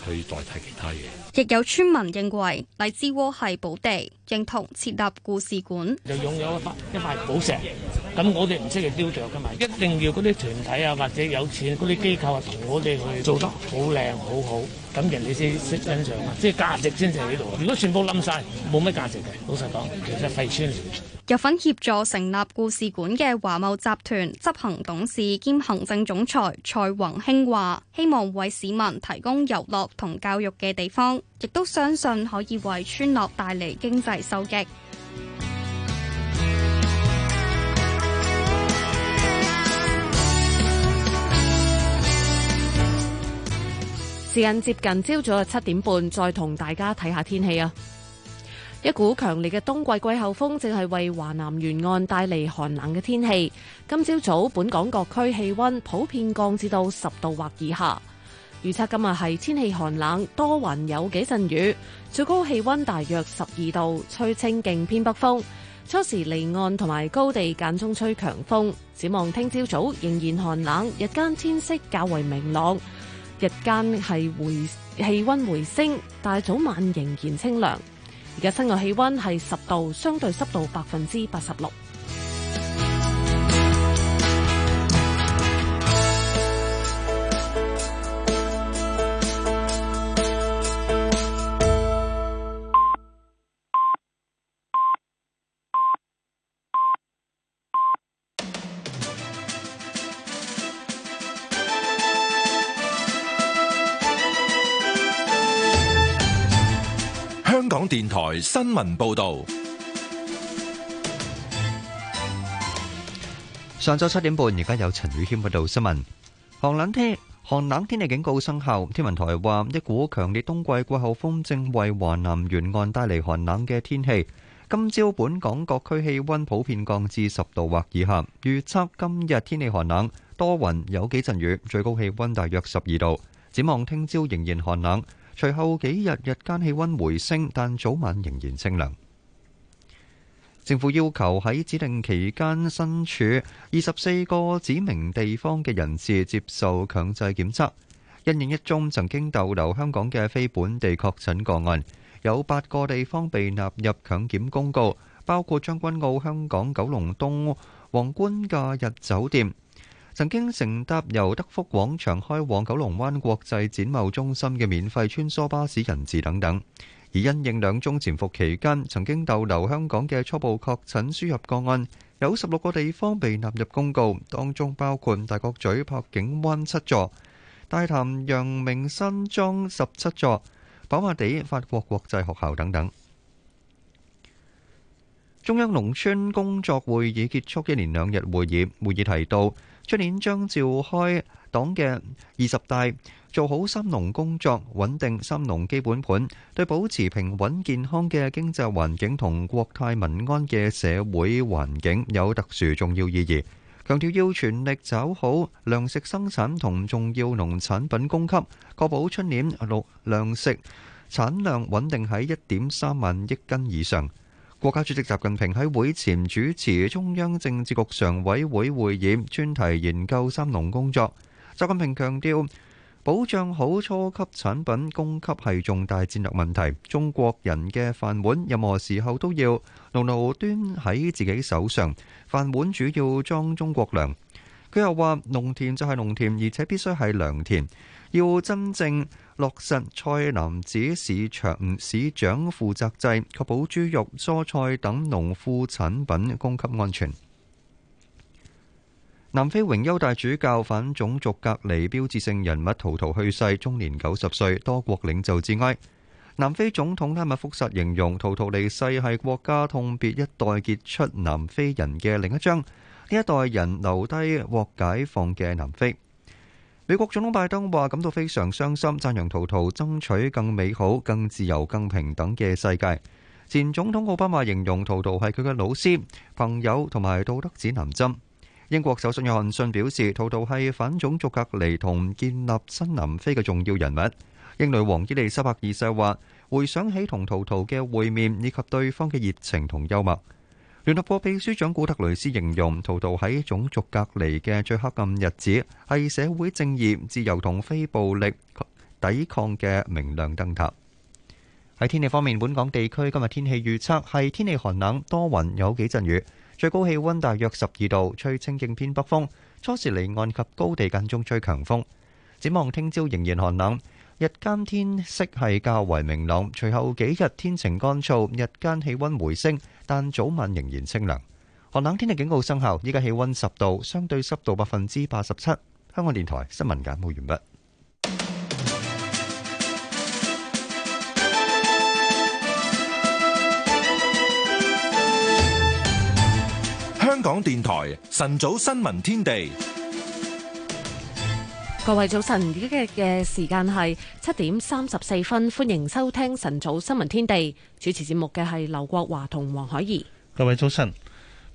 去代替其他嘢。亦有村民認為荔枝窩係寶地，認同設立故事館。就擁有一塊一塊寶石，咁我哋唔識嚟雕琢㗎嘛，一定要嗰啲團體啊或者有錢嗰啲機構啊同我哋去做得好靚好好，咁人哋先識欣賞啊，即係價值先至喺呢度。如果全部冧晒，冇乜價值嘅，老實講其實廢村。有份協助成立故事館嘅華懋集團執行董事兼行政總裁蔡宏興話，希望為市民提供遊樂同教育嘅地方，亦都相信可以為村落帶嚟經濟收益。時間接近朝早嘅七點半，再同大家睇下天氣啊！一股強烈嘅冬季季候風正係為華南沿岸帶嚟寒冷嘅天氣。今朝早，早本港各區氣温普遍降至到十度或以下。預測今日係天氣寒冷，多雲有幾陣雨，最高氣温大約十二度，吹清勁偏北風。初時離岸同埋高地間中吹強風。展望聽朝早，早仍然寒冷，日間天色較為明朗，日間係回氣温回升，但係早晚仍然清涼。而家室外氣溫係十度，相對濕度百分之八十六。電台新聞報道：上晝七點半，而家有陳宇謙報道新聞。寒冷天，寒冷天氣警告生效。天文台話，一股強烈冬季季候風正為華南沿岸帶嚟寒冷嘅天氣。今朝本港各區氣温普遍降至十度或以下。預測今日天氣寒冷，多雲有幾陣雨，最高氣温大約十二度。展望聽朝仍然寒冷。隨後幾日日間氣溫回升，但早晚仍然清涼。政府要求喺指定期間身處二十四個指明地方嘅人士接受強制檢測。因應一宗曾經逗留香港嘅非本地確診個案，有八個地方被納入強檢公告，包括將軍澳、香港九龍東、皇冠假日酒店。曾經乘搭由德福廣場開往九龍灣國際展貿中心嘅免費穿梭巴士人士等等，而因應兩宗潛伏期間曾經逗留香港嘅初步確診輸入個案，有十六個地方被納入公告，當中包括大角咀柏景灣七座、大潭陽明山莊十七座、跑馬地法國國際學校等等。中央農村工作會議結束一連兩日會議，會議提到，出年將召開黨嘅二十大，做好“三農”工作，穩定“三農”基本盤，對保持平穩健康嘅經濟環境同國泰民安嘅社會環境有特殊重要意義。強調要全力抓好糧食生產同重要農產品供給，確保出年糧糧食產量穩定喺一點三萬億斤以上。國家主席習近平喺會前主持中央政治局常委會會議，專題研究三農工作。習近平強調，保障好初級產品供給係重大戰略問題。中國人嘅飯碗，任何時候都要牢牢端喺自己手上。飯碗主要裝中國糧。佢又話：農田就係農田，而且必須係良田。要真正落實菜籃子市場市長負責制，確保豬肉、蔬菜等農副產品供給安全。南非榮休大主教反種族隔離標誌性人物圖圖去世，終年九十歲，多國領袖致哀。南非總統拉馬福薩形容圖圖離世係國家痛別一代傑出南非人嘅另一章。呢一代人留低獲解放嘅南非，美國總統拜登話感到非常傷心，讚揚圖圖爭取更美好、更自由、更平等嘅世界。前總統奧巴馬形容圖圖係佢嘅老師、朋友同埋道德指南針。英國首相約翰遜表示，圖圖係反種族隔離同建立新南非嘅重要人物。英女王伊利沙伯二世話：回想起同圖圖嘅會面以及對方嘅熱情同幽默。聯合國秘書長古特雷斯形容，圖圖喺種族隔離嘅最黑暗日子，係社會正義、自由同非暴力抵抗嘅明亮燈塔。喺天氣方面，本港地區今日天氣預測係天氣寒冷，多雲，有幾陣雨，最高氣溫大約十二度，吹清勁偏北風，初時離岸及高地間中吹強風。展望聽朝仍然寒冷。日間天色係較為明朗，隨後幾日天晴乾燥，日間氣溫回升，但早晚仍然清涼。寒冷天氣警告生效，依家氣溫十度，相對濕度百分之八十七。香港電台新聞簡報完畢。香港電台晨早新聞天地。各位早晨，而家嘅時間係七點三十四分，歡迎收聽晨早新聞天地。主持節目嘅係劉國華同黃海怡。各位早晨，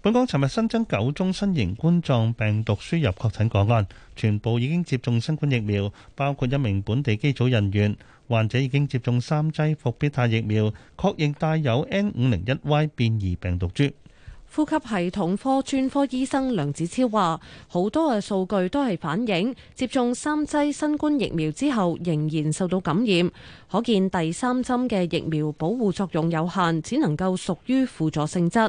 本港尋日新增九宗新型冠狀病毒輸入確診個案，全部已經接種新冠疫苗，包括一名本地機組人員。患者已經接種三劑復必泰疫苗，確認帶有 N 五零一 Y 變異病毒株。呼吸系統科專科醫生梁子超話，好多嘅數據都係反映接種三劑新冠疫苗之後仍然受到感染，可見第三針嘅疫苗保護作用有限，只能夠屬於輔助性質。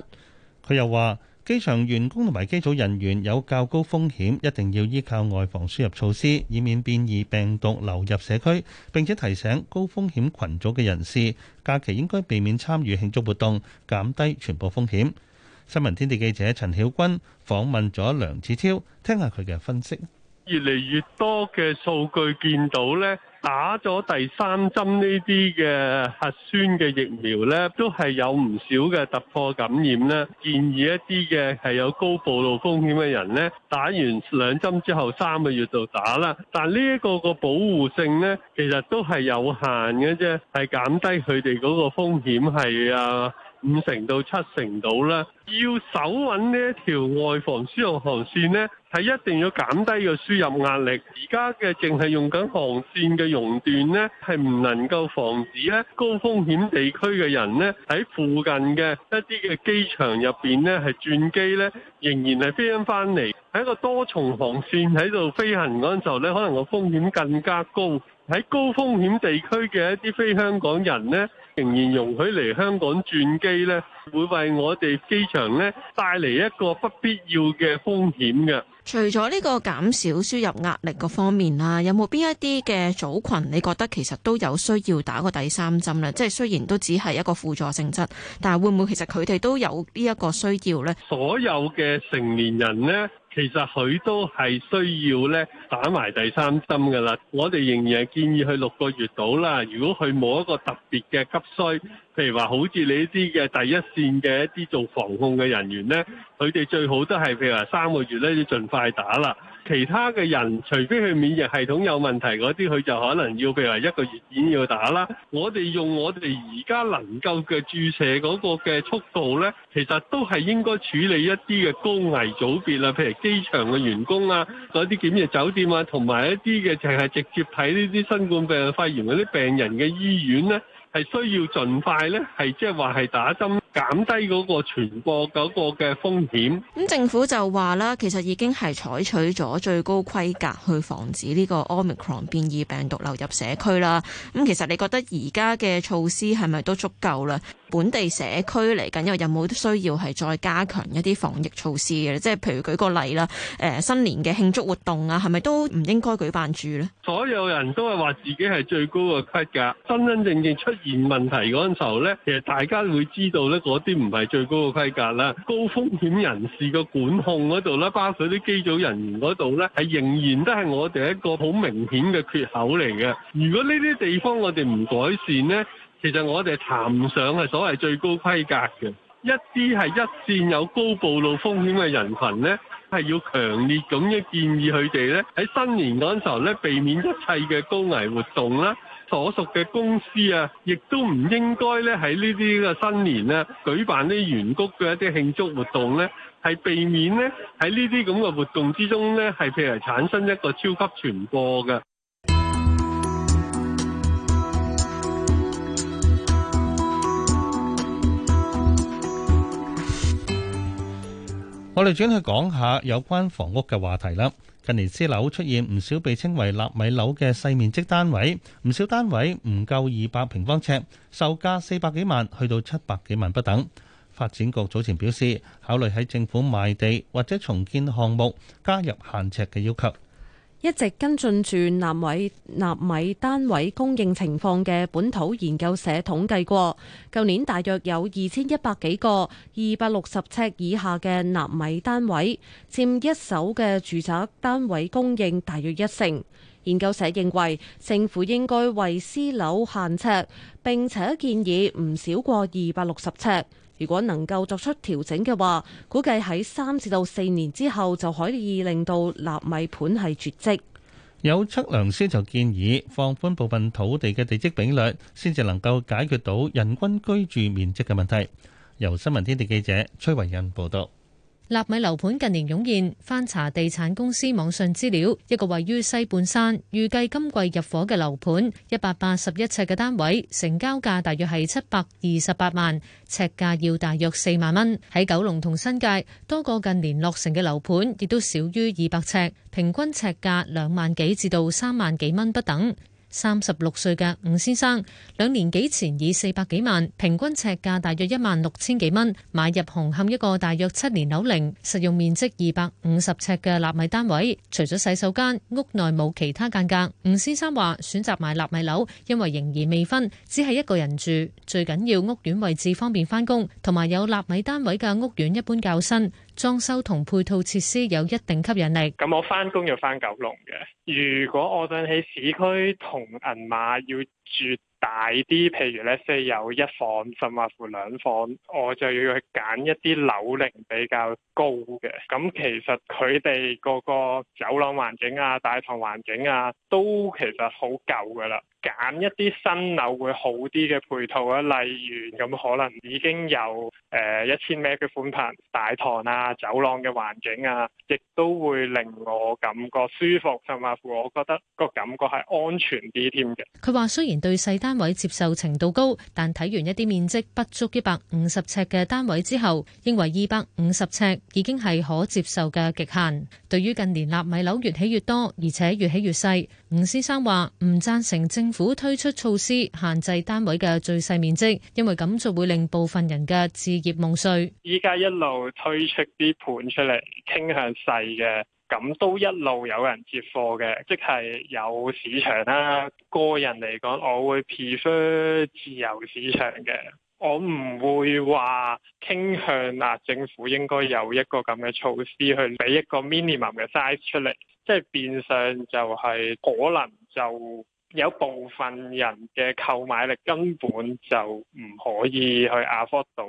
佢又話機場員工同埋機組人員有較高風險，一定要依靠外防輸入措施，以免變異病毒流入社區，並且提醒高風險群組嘅人士假期應該避免參與慶祝活動，減低傳播風險。新聞天地記者陳曉君訪問咗梁子超，聽下佢嘅分析。越嚟越多嘅數據見到咧，打咗第三針呢啲嘅核酸嘅疫苗咧，都係有唔少嘅突破感染咧。建議一啲嘅係有高暴露風險嘅人咧，打完兩針之後三個月就打啦。但呢一個個保護性咧，其實都係有限嘅啫，係減低佢哋嗰個風險係啊。五成到七成度啦，要守穩呢一條外防輸入航線呢，係一定要減低個輸入壓力。而家嘅淨係用緊航線嘅熔斷呢，係唔能夠防止呢高風險地區嘅人呢，喺附近嘅一啲嘅機場入邊呢，係轉機呢，仍然係飛翻嚟。喺一個多重航線喺度飛行嗰陣時候呢，可能個風險更加高。喺高風險地區嘅一啲非香港人呢。仍然容許嚟香港轉機呢，會為我哋機場呢帶嚟一個不必要嘅風險嘅。除咗呢個減少輸入壓力嗰方面啦，有冇邊一啲嘅組群，你覺得其實都有需要打個第三針咧？即係雖然都只係一個輔助性質，但係會唔會其實佢哋都有呢一個需要呢？所有嘅成年人呢。其實佢都係需要咧打埋第三針㗎啦，我哋仍然建議佢六個月到啦。如果佢冇一個特別嘅急需，譬如話好似你呢啲嘅第一線嘅一啲做防控嘅人員咧，佢哋最好都係譬如話三個月咧要盡快打啦。其他嘅人，除非佢免疫系統有問題嗰啲，佢就可能要譬如話一個月點要打啦。我哋用我哋而家能夠嘅注射嗰個嘅速度咧，其實都係應該處理一啲嘅高危組別啦，譬如機場嘅員工啊，嗰啲檢疫酒店啊，同埋一啲嘅淨係直接睇呢啲新冠病肺炎肺炎嗰啲病人嘅醫院咧。係需要盡快咧，係即係話係打針減低嗰個傳播嗰個嘅風險。咁政府就話啦，其實已經係採取咗最高規格去防止呢個 Omicron 變異病毒流入社區啦。咁其實你覺得而家嘅措施係咪都足夠啦？本地社區嚟緊因為有冇需要係再加強一啲防疫措施嘅咧？即係譬如舉個例啦，誒新年嘅慶祝活動啊，係咪都唔應該舉辦住咧？所有人都係話自己係最高嘅規格，真真正正出現問題嗰陣時候咧，其實大家會知道咧，嗰啲唔係最高嘅規格啦。高風險人士嘅管控嗰度咧，包括啲機組人員嗰度咧，係仍然都係我哋一個好明顯嘅缺口嚟嘅。如果呢啲地方我哋唔改善咧，其實我哋談唔上係所謂最高規格嘅一啲係一線有高暴露風險嘅人群呢，係要強烈咁嘅建議佢哋呢，喺新年嗰陣時候呢，避免一切嘅高危活動啦。所屬嘅公司啊，亦都唔應該呢，喺呢啲嘅新年啊舉辦啲員工嘅一啲慶祝活動呢，係避免呢，喺呢啲咁嘅活動之中呢，係譬如產生一個超級傳播嘅。我哋轉去講下有關房屋嘅話題啦。近年私樓出現唔少被稱為納米樓嘅細面積單位，唔少單位唔夠二百平方尺，售價四百幾萬去到七百幾萬不等。發展局早前表示，考慮喺政府賣地或者重建項目加入限尺嘅要求。一直跟進住納米納米單位供應情況嘅本土研究社統計過，舊年大約有二千一百幾個二百六十尺以下嘅納米單位，佔一手嘅住宅單位供應大約一成。研究社認為政府應該為私樓限尺，並且建議唔少過二百六十尺。如果能夠作出調整嘅話，估計喺三至到四年之後就可以令到納米盤係絕跡。有測量師就建議放寬部分土地嘅地積比率，先至能夠解決到人均居住面積嘅問題。由新聞天地記者崔維仁報道。納米樓盤近年湧現，翻查地產公司網上資料，一個位於西半山、預計今季入伙嘅樓盤，一百八十一尺嘅單位，成交價大約係七百二十八萬，尺價要大約四萬蚊。喺九龍同新界，多個近年落成嘅樓盤亦都少於二百尺，平均尺價兩萬幾至到三萬幾蚊不等。三十六歲嘅吳先生兩年幾前，以四百幾萬，平均尺價大約一萬六千幾蚊，買入紅磡一個大約七年樓齡、實用面積二百五十尺嘅納米單位，除咗洗手間，屋內冇其他間隔。吳先生話選擇買納米樓，因為仍然未婚，只係一個人住，最緊要屋苑位置方便返工，同埋有納米單位嘅屋苑一般較新。裝修同配套設施有一定吸引力。咁我翻工要翻九龍嘅。如果我想喺市區同銀碼要住大啲，譬如咧即有一房，甚或乎兩房，我就要去揀一啲樓齡比較高嘅。咁其實佢哋個個走廊環境啊、大堂環境啊，都其實好舊噶啦。揀一啲新樓會好啲嘅配套啊，例如咁可能已經有誒一千米嘅寬闊大堂啊、走廊嘅環境啊，亦都會令我感覺舒服，同埋我覺得個感覺係安全啲添嘅。佢話雖然對細單位接受程度高，但睇完一啲面積不足一百五十尺嘅單位之後，認為二百五十尺已經係可接受嘅極限。對於近年納米樓越起越多，而且越起越細。吳先生話：唔贊成政府推出措施限制單位嘅最細面積，因為咁就會令部分人嘅置業夢碎。依家一路推出啲盤出嚟，傾向細嘅，咁都一路有人接貨嘅，即係有市場啦。個人嚟講，我會 prefer 自由市場嘅，我唔會話傾向啊政府應該有一個咁嘅措施去俾一個 minimum 嘅 size 出嚟。即係變相就係可能就有部分人嘅購買力根本就唔可以去 afford 到。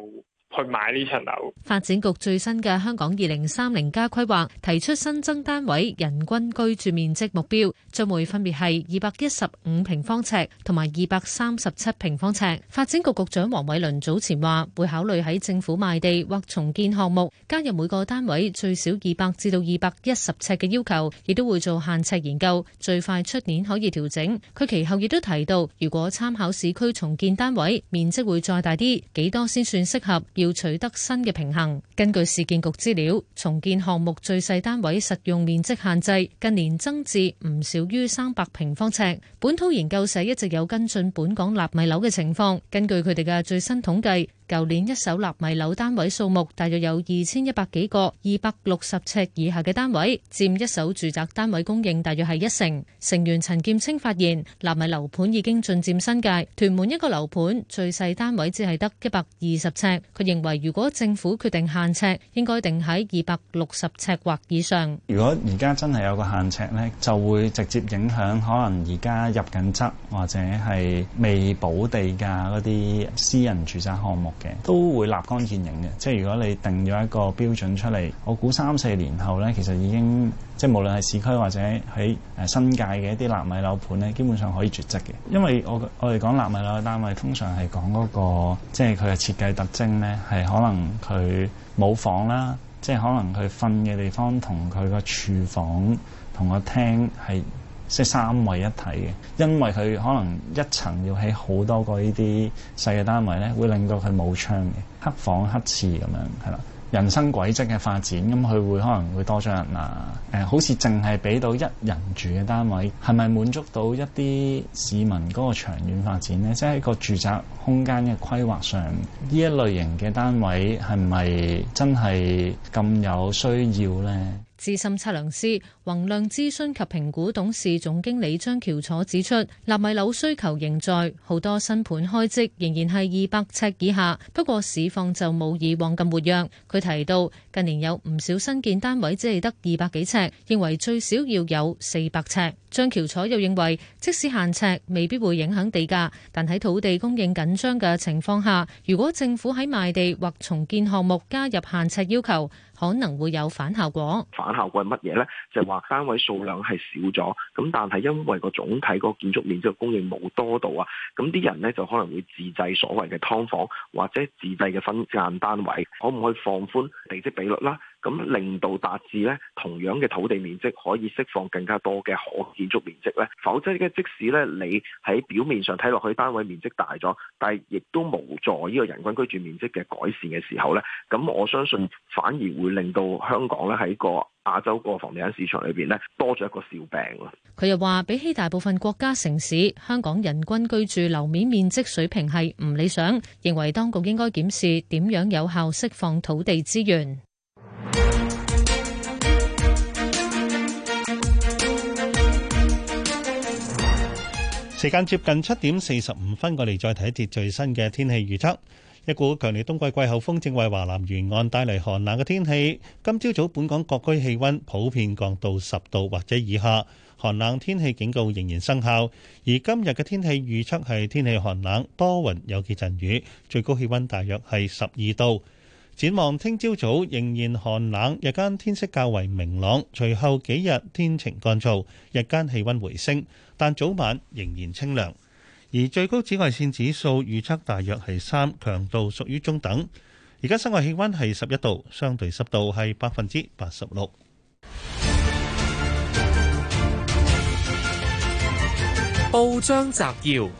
去買呢層樓。發展局最新嘅香港二零三零加規劃提出新增單位人均居住面積目標，將會分別係二百一十五平方尺同埋二百三十七平方尺。發展局局長黃偉綸早前話會考慮喺政府賣地或重建項目加入每個單位最少二百至到二百一十尺嘅要求，亦都會做限尺研究，最快出年可以調整。佢其後亦都提到，如果參考市區重建單位面積會再大啲，幾多先算適合？要取得新嘅平衡。根據市建局資料，重建項目最細單位實用面積限制近年增至唔少於三百平方尺。本土研究社一直有跟進本港納米樓嘅情況，根據佢哋嘅最新統計。舊年一手納米樓單位數目大約有二千一百幾個，二百六十尺以下嘅單位佔一手住宅單位供應大約係一成。成員陳劍清發現納米樓盤已經進佔新界，屯門一個樓盤最細單位只係得一百二十尺。佢認為如果政府決定限尺，應該定喺二百六十尺或以上。如果而家真係有個限尺呢，就會直接影響可能而家入緊則或者係未補地價嗰啲私人住宅項目。嘅都會立竿見影嘅，即係如果你定咗一個標準出嚟，我估三四年後咧，其實已經即係無論係市區或者喺誒新界嘅一啲納米樓盤咧，基本上可以絕跡嘅。因為我我哋講納米樓單位，通常係講嗰個即係佢嘅設計特徵咧，係可能佢冇房啦，即係可能佢瞓嘅地方同佢個廚房同個廳係。即係三位一體嘅，因為佢可能一層要起好多個呢啲細嘅單位咧，會令到佢冇窗嘅，黑房黑廁咁樣，係啦。人生軌跡嘅發展，咁、嗯、佢會可能會多咗人啊？誒，好似淨係俾到一人住嘅單位，係咪滿足到一啲市民嗰個長遠發展咧？即係喺個住宅空間嘅規劃上，呢一類型嘅單位係咪真係咁有需要咧？資深測量師宏量諮詢及評估董事總經理張橋楚指出，納米樓需求仍在，好多新盤開積仍然係二百尺以下，不過市況就冇以往咁活躍。佢提到近年有唔少新建單位只係得二百幾尺，認為最少要有四百尺。張橋楚又認為，即使限尺未必會影響地價，但喺土地供應緊張嘅情況下，如果政府喺賣地或重建項目加入限尺要求，可能會有反效果。反效果係乜嘢呢？就係話單位數量係少咗，咁但係因為個總體個建築面積供應冇多到啊，咁啲人呢，就可能會自製所謂嘅劏房或者自製嘅分間單位，可唔可以放寬地積比率啦？咁令到達至咧同樣嘅土地面積，可以釋放更加多嘅可建築面積咧。否則嘅，即使咧你喺表面上睇落去單位面積大咗，但係亦都無助呢個人均居住面積嘅改善嘅時候咧。咁我相信反而會令到香港咧喺個亞洲個房地產市場裏邊咧多咗一個笑柄。佢又話，比起大部分國家城市，香港人均居住樓面面積水平係唔理想，認為當局應該檢視點樣有效釋放土地資源。時間接近七點四十五分，我哋再睇一節最新嘅天氣預測。一股強烈冬季季候風正為華南沿岸帶嚟寒冷嘅天氣。今朝早，本港各區氣温普遍降到十度或者以下，寒冷天氣警告仍然生效。而今日嘅天氣預測係天氣寒冷、多雲有幾陣雨，最高氣温大約係十二度。展望聽朝早仍然寒冷，日間天色較為明朗，隨後幾日天晴乾燥，日間氣温回升，但早晚仍然清涼。而最高紫外線指數預測大約係三，強度屬於中等。而家室外氣温係十一度，相對濕度係百分之八十六。報章摘要：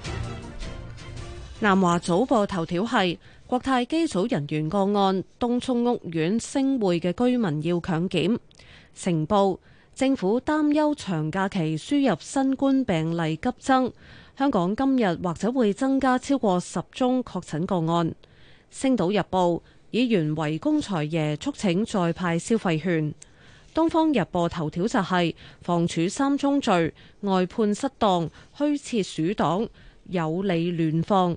南華早報頭條係。國泰機組人員個案，東涌屋苑昇薈嘅居民要強檢。成報，政府擔憂長假期輸入新冠病例急增，香港今日或者會增加超過十宗確診個案。星島日報，議員圍攻財爺，促請再派消費券。東方日報頭條就係、是、房署三宗罪，外判失當、虛設鼠黨、有利亂放。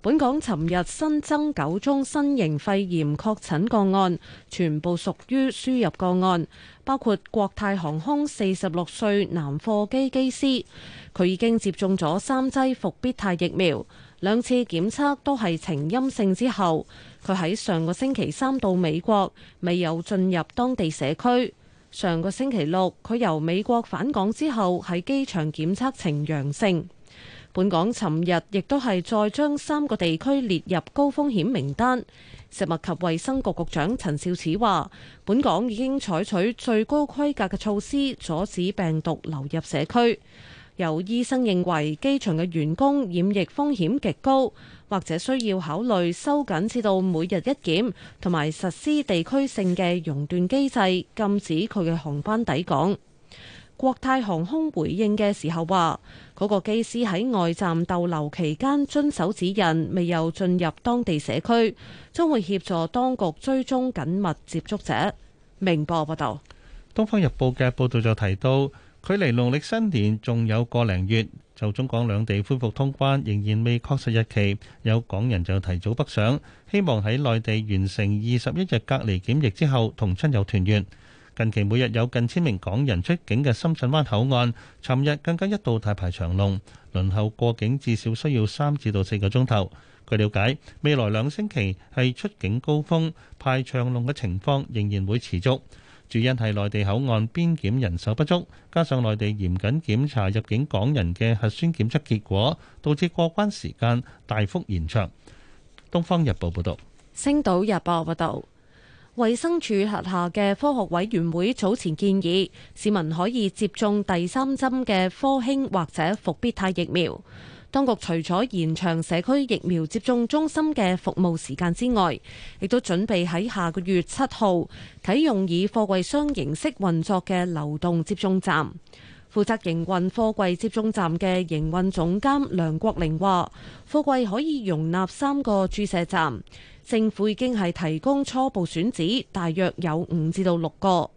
本港尋日新增九宗新型肺炎確診個案，全部屬於輸入個案，包括國泰航空四十六歲男貨機機師。佢已經接種咗三劑復必泰疫苗，兩次檢測都係呈陰性之後，佢喺上個星期三到美國，未有進入當地社區。上個星期六，佢由美國返港之後喺機場檢測呈陽性。本港尋日亦都係再將三個地區列入高風險名單。食物及衛生局局長陳肇始話，本港已經採取最高規格嘅措施，阻止病毒流入社區。有醫生認為機場嘅員工染疫風險極高，或者需要考慮收緊至到每日一檢，同埋實施地區性嘅熔斷機制，禁止佢嘅航班抵港。國泰航空回應嘅時候話：嗰個機師喺外站逗留期間遵守指引，未有進入當地社區，將會協助當局追蹤緊密接觸者。明報報導，《東方日報》嘅報導就提到，距離農曆新年仲有個零月，就中港兩地恢復通關，仍然未確實日期，有港人就提早北上，希望喺內地完成二十一日隔離檢疫之後，同親友團圓。近期每日有近千名港人出境嘅深圳灣口岸，尋日更加一度大排長龍，輪候過境至少需要三至到四個鐘頭。據瞭解，未來兩星期係出境高峰，排長龍嘅情況仍然會持續。主因係內地口岸邊檢人手不足，加上內地嚴謹檢查入境港人嘅核酸檢測結果，導致過關時間大幅延長。《東方日報》報道，《星島日報》報道。衛生署轄下嘅科學委員會早前建議，市民可以接種第三針嘅科興或者復必泰疫苗。當局除咗延長社區疫苗接種中心嘅服務時間之外，亦都準備喺下個月七號啟用以貨櫃箱形式運作嘅流動接種站。負責營運貨櫃接種站嘅營運總監梁國寧話，貨櫃可以容納三個注射站。政府已經係提供初步選址，大約有五至到六個。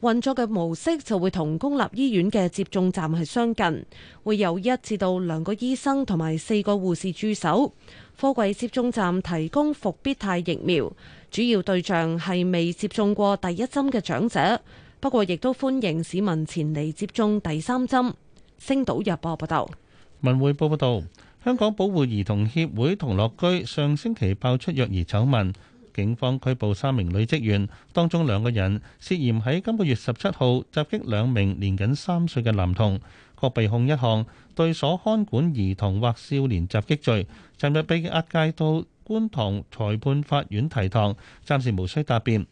運作嘅模式就會同公立醫院嘅接種站係相近，會由一至到兩個醫生同埋四個護士駐守。科櫃接種站提供復必泰疫苗，主要對象係未接種過第一針嘅長者，不過亦都歡迎市民前嚟接種第三針。星島日報報道，文匯報報道。香港保護兒童協會同樂居上星期爆出虐兒醜聞，警方拘捕三名女職員，當中兩個人涉嫌喺今個月十七號襲擊兩名年僅三歲嘅男童，各被控一項對所看管兒童或少年襲擊罪，尋日被押解到觀塘裁判法院提堂，暫時無需答辯。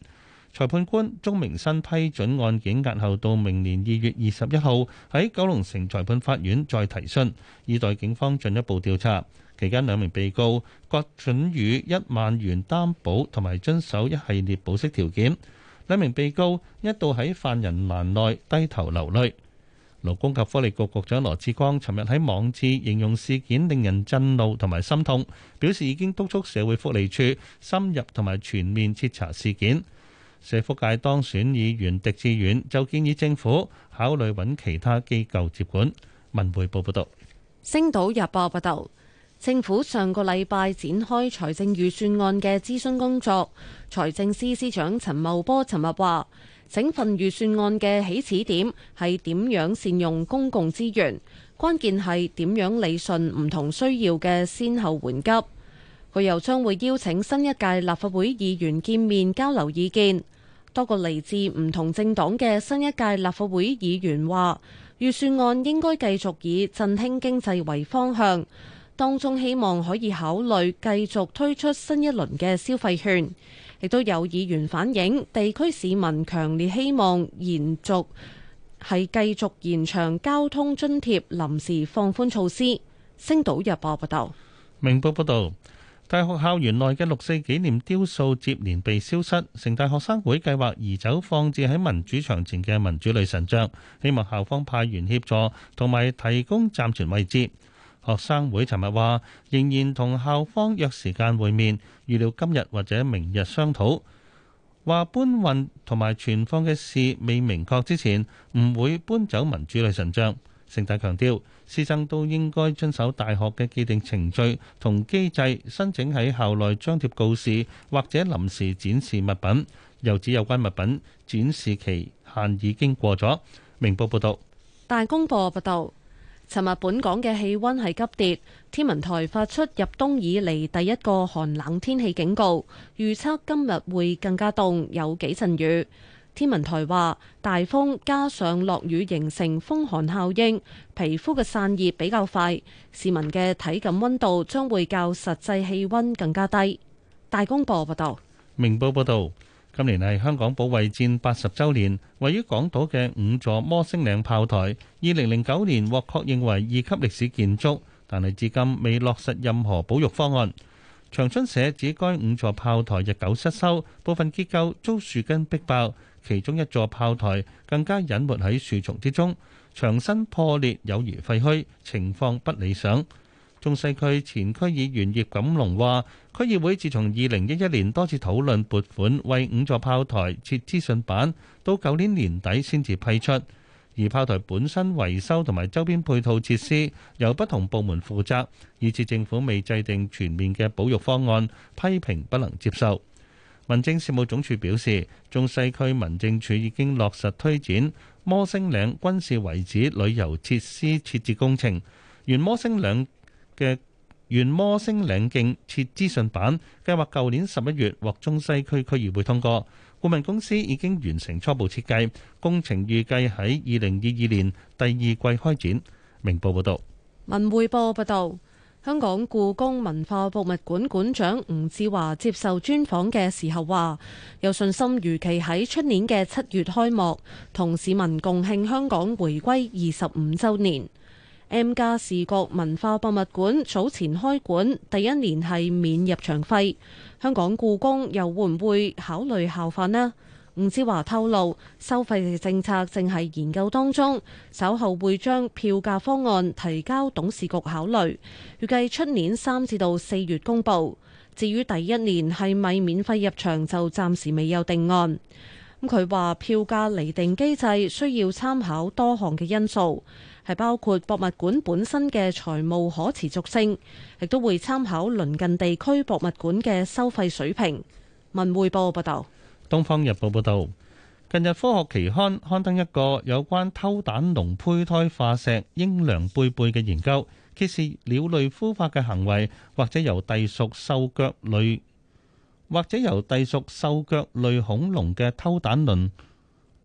裁判官鐘明新批准案件押後到明年二月二十一號，喺九龍城裁判法院再提訊，以待警方進一步調查。期間，兩名被告各准予一萬元擔保，同埋遵守一系列保釋條件。兩名被告一度喺犯人欄內低頭流淚。勞工及福利局,局局長羅志光尋日喺網誌形容事件令人震怒同埋心痛，表示已經督促社會福利處深入同埋全面徹查事件。社福界當選議員狄志遠就建議政府考慮揾其他機構接管。文匯報報道，星島日報報道，政府上個禮拜展開財政預算案嘅諮詢工作。財政司司長陳茂波尋日話，整份預算案嘅起始點係點樣善用公共資源，關鍵係點樣理順唔同需要嘅先後緩急。佢又將會邀請新一屆立法會議員見面交流意見。多個嚟自唔同政黨嘅新一屆立法會議員話，預算案應該繼續以振興經濟為方向。當中希望可以考慮繼續推出新一輪嘅消費券。亦都有議員反映，地區市民強烈希望延續，係繼續延長交通津貼臨時放寬措施。星島日報報道，明報報道。大學校園內嘅六四紀念雕塑接連被消失，城大學生會計劃移走放置喺民主牆前嘅民主女神像，希望校方派員協助同埋提供暫存位置。學生會尋日話，仍然同校方約時間會面，預料今日或者明日商討，話搬運同埋存放嘅事未明確之前，唔會搬走民主女神像。城大強調，師生都應該遵守大學嘅既定程序同機制，申請喺校內張貼告示或者臨時展示物品。又指有關物品展示期限已經過咗。明報報導，大公報報導，尋日本港嘅氣温係急跌，天文台發出入冬以嚟第一個寒冷天氣警告，預測今日會更加凍，有幾陣雨。天文台話，大風加上落雨，形成風寒效應，皮膚嘅散熱比較快，市民嘅體感溫度將會較實際氣溫更加低。大公報報道，明報報道，今年係香港保衛戰八十周年，位於港島嘅五座摩星嶺炮台，二零零九年獲確認為二級歷史建築，但係至今未落實任何保育方案。長春社指，該五座炮台日久失修，部分結構遭樹根逼爆。其中一座炮台更加隱沒喺樹叢之中，牆身破裂有如廢墟，情況不理想。中西區前區議員葉錦龍話：區議會自從二零一一年多次討論撥款為五座炮台設資訊版，到舊年年底先至批出。而炮台本身維修同埋周邊配套設施由不同部門負責，以致政府未制定全面嘅保育方案，批評不能接受。民政事務總署表示，中西區民政處已經落實推展摩星嶺軍事遺址旅遊設施設置工程，原摩星嶺嘅原摩星嶺徑設資訊板，計劃舊年十一月獲中西區區議會通過。顧問公司已經完成初步設計，工程預計喺二零二二年第二季開展。明報報道，文匯報報道。香港故宮文化博物館館長吳志華接受專訪嘅時候話：有信心如期喺出年嘅七月開幕，同市民共慶香港回歸二十五週年。M+ 視覺文化博物館早前開館第一年係免入場費，香港故宮又會唔會考慮效法呢？吳志華透露，收費政策正係研究當中，稍後會將票價方案提交董事局考慮，預計出年三至到四月公布。至於第一年係咪免費入場，就暫時未有定案。咁佢話票價厘定機制需要參考多項嘅因素，係包括博物館本身嘅財務可持續性，亦都會參考鄰近地區博物館嘅收費水平。文匯報報道。《東方日報》報導，近日科學期刊刊登一個有關偷蛋龍胚胎化石、英良貝貝嘅研究，揭示鳥類孵化嘅行為，或者由隸屬獸腳類，或者由隸屬獸腳類恐龍嘅偷蛋龍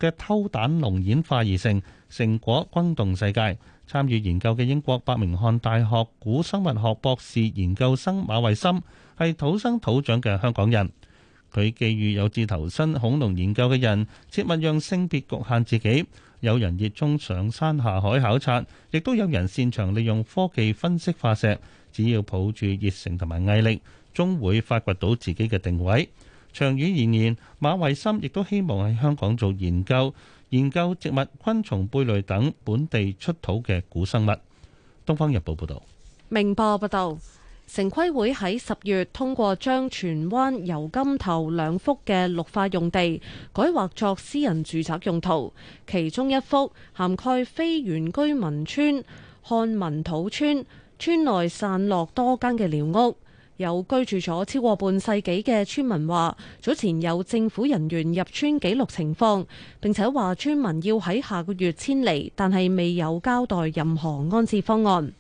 嘅偷蛋龍演化而成。成果轟動世界。參與研究嘅英國伯明翰大學古生物學博士研究生馬慧森，係土生土長嘅香港人。佢寄語有志投身恐龍研究嘅人，切勿讓性別局限自己。有人熱衷上山下海考察，亦都有人擅長利用科技分析化石。只要抱住熱誠同埋毅力，終會發掘到自己嘅定位。長遠而言，馬維森亦都希望喺香港做研究，研究植物、昆蟲、貝類等本地出土嘅古生物。《東方日報》報道。「明報」報道。城規會喺十月通過將荃灣油柑頭兩幅嘅綠化用地改劃作私人住宅用途，其中一幅涵蓋非原居民村、漢民土村，村內散落多間嘅寮屋。有居住咗超過半世紀嘅村民話：早前有政府人員入村記錄情況，並且話村民要喺下個月遷離，但係未有交代任何安置方案。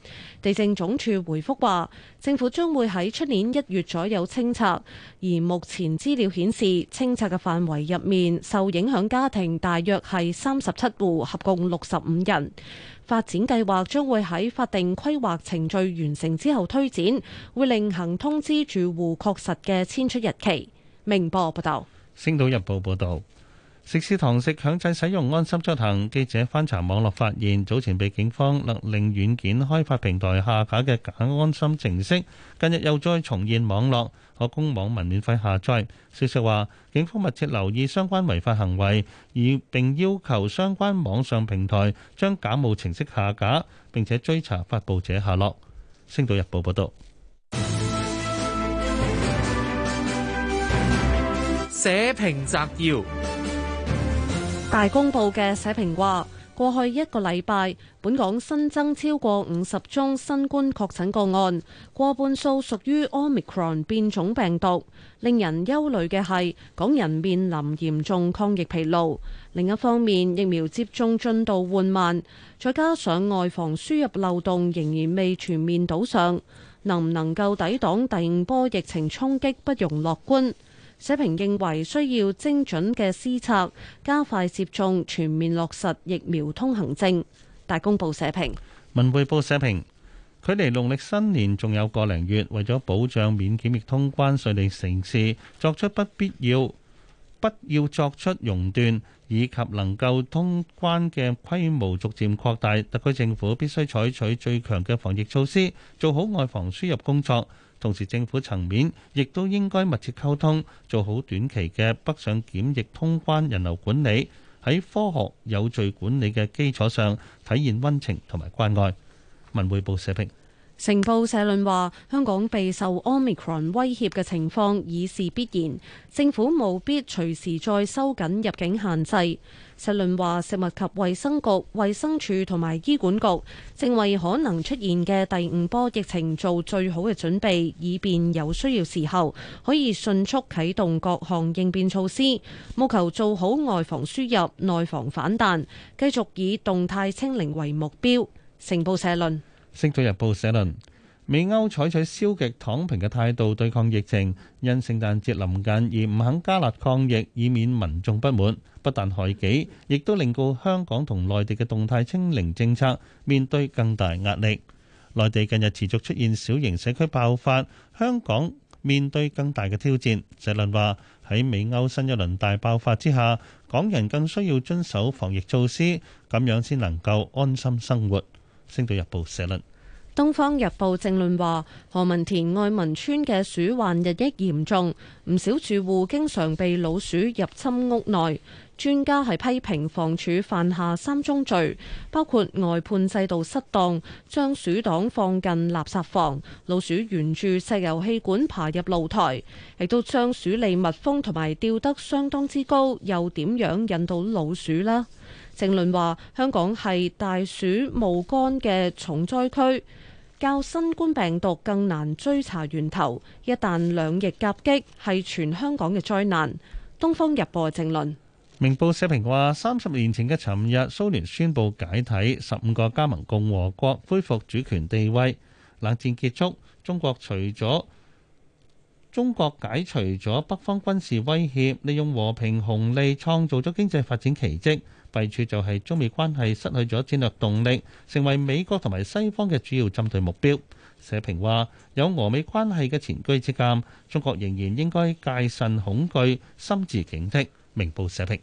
地政總署回覆話：政府將會喺出年一月左右清拆，而目前資料顯示清拆嘅範圍入面受影響家庭大約係三十七戶，合共六十五人。發展計劃將會喺法定規劃程序完成之後推展，會另行通知住戶確實嘅遷出日期。明報報道，《星島日報》報道。食肆堂食強制使用安心出行，記者翻查網絡發現，早前被警方勒令軟件開發平台下架嘅假安心程式，近日又再重現網絡，可供網民免費下載。消息話，警方密切留意相關違法行為，而並要求相關網上平台將假冒程式下架，並且追查發布者下落。星島日報報道。社評摘要。大公報嘅社評話，過去一個禮拜，本港新增超過五十宗新冠確診個案，過半數屬於 c r o n 變種病毒。令人憂慮嘅係，港人面臨嚴重抗疫疲勞。另一方面，疫苗接種進度緩慢，再加上外防輸入漏洞仍然未全面堵上，能唔能夠抵擋第五波疫情衝擊，不容樂觀。社評認為需要精準嘅施策，加快接種，全面落實疫苗通行證。大公報社評、文匯報社評，距離農曆新年仲有個零月，為咗保障免檢疫通關順利，城市作出不必要、不要作出熔斷，以及能夠通關嘅規模逐漸擴大，特區政府必須採取最強嘅防疫措施，做好外防輸入工作。.同時，政府層面亦都應該密切溝通，做好短期嘅北上檢疫、通關人流管理，喺科學有序管理嘅基礎上，體現溫情同埋關愛。文匯報社評，成報社論話：香港備受 Omicron 威脅嘅情況已是必然，政府務必隨時再收緊入境限制。社論話，論食物及衛生局、衛生署同埋醫管局正為可能出現嘅第五波疫情做最好嘅準備，以便有需要時候可以迅速啟動各項應變措施，務求做好外防輸入、內防反彈，繼續以動態清零為目標。成報社論，《星島日報》社論：美歐採取消極躺平嘅態度對抗疫情，因聖誕節臨近而唔肯加辣抗疫，以免民眾不滿。不但害己，亦都令到香港同內地嘅動態清零政策面對更大壓力。內地近日持續出現小型社區爆發，香港面對更大嘅挑戰。社論話，喺美歐新一輪大爆發之下，港人更需要遵守防疫措施，咁樣先能夠安心生活。星島日報社論。《東方日報》正論話，何文田愛民村嘅鼠患日益嚴重，唔少住戶經常被老鼠入侵屋內。專家係批評房署犯下三宗罪，包括外判制度失當，將鼠檔放近垃圾房，老鼠沿住石油氣管爬入露台，亦都將鼠嚟密封同埋吊得相當之高，又點樣引到老鼠呢？正論話香港係大鼠戊肝嘅重災區，較新冠病毒更難追查源頭。一旦兩疫夾擊，係全香港嘅災難。東方日報正論明報社評話：三十年前嘅尋日，蘇聯宣布解體，十五個加盟共和國恢復主權地位，冷戰結束。中國除咗中國解除咗北方軍事威脅，利用和平紅利創造咗經濟發展奇迹。弊處就係中美關係失去咗戰略動力，成為美國同埋西方嘅主要針對目標。社評話有俄美關係嘅前車之鑑，中國仍然應該戒慎恐懼、心持警惕。明報社評。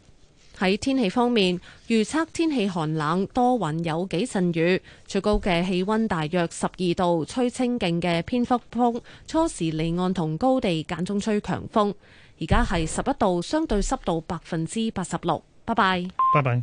喺天氣方面，預測天氣寒冷，多雲有幾陣雨，最高嘅氣溫大約十二度，吹清勁嘅偏北風，初時離岸同高地間中吹強風。而家係十一度，相對濕度百分之八十六。拜拜，拜拜。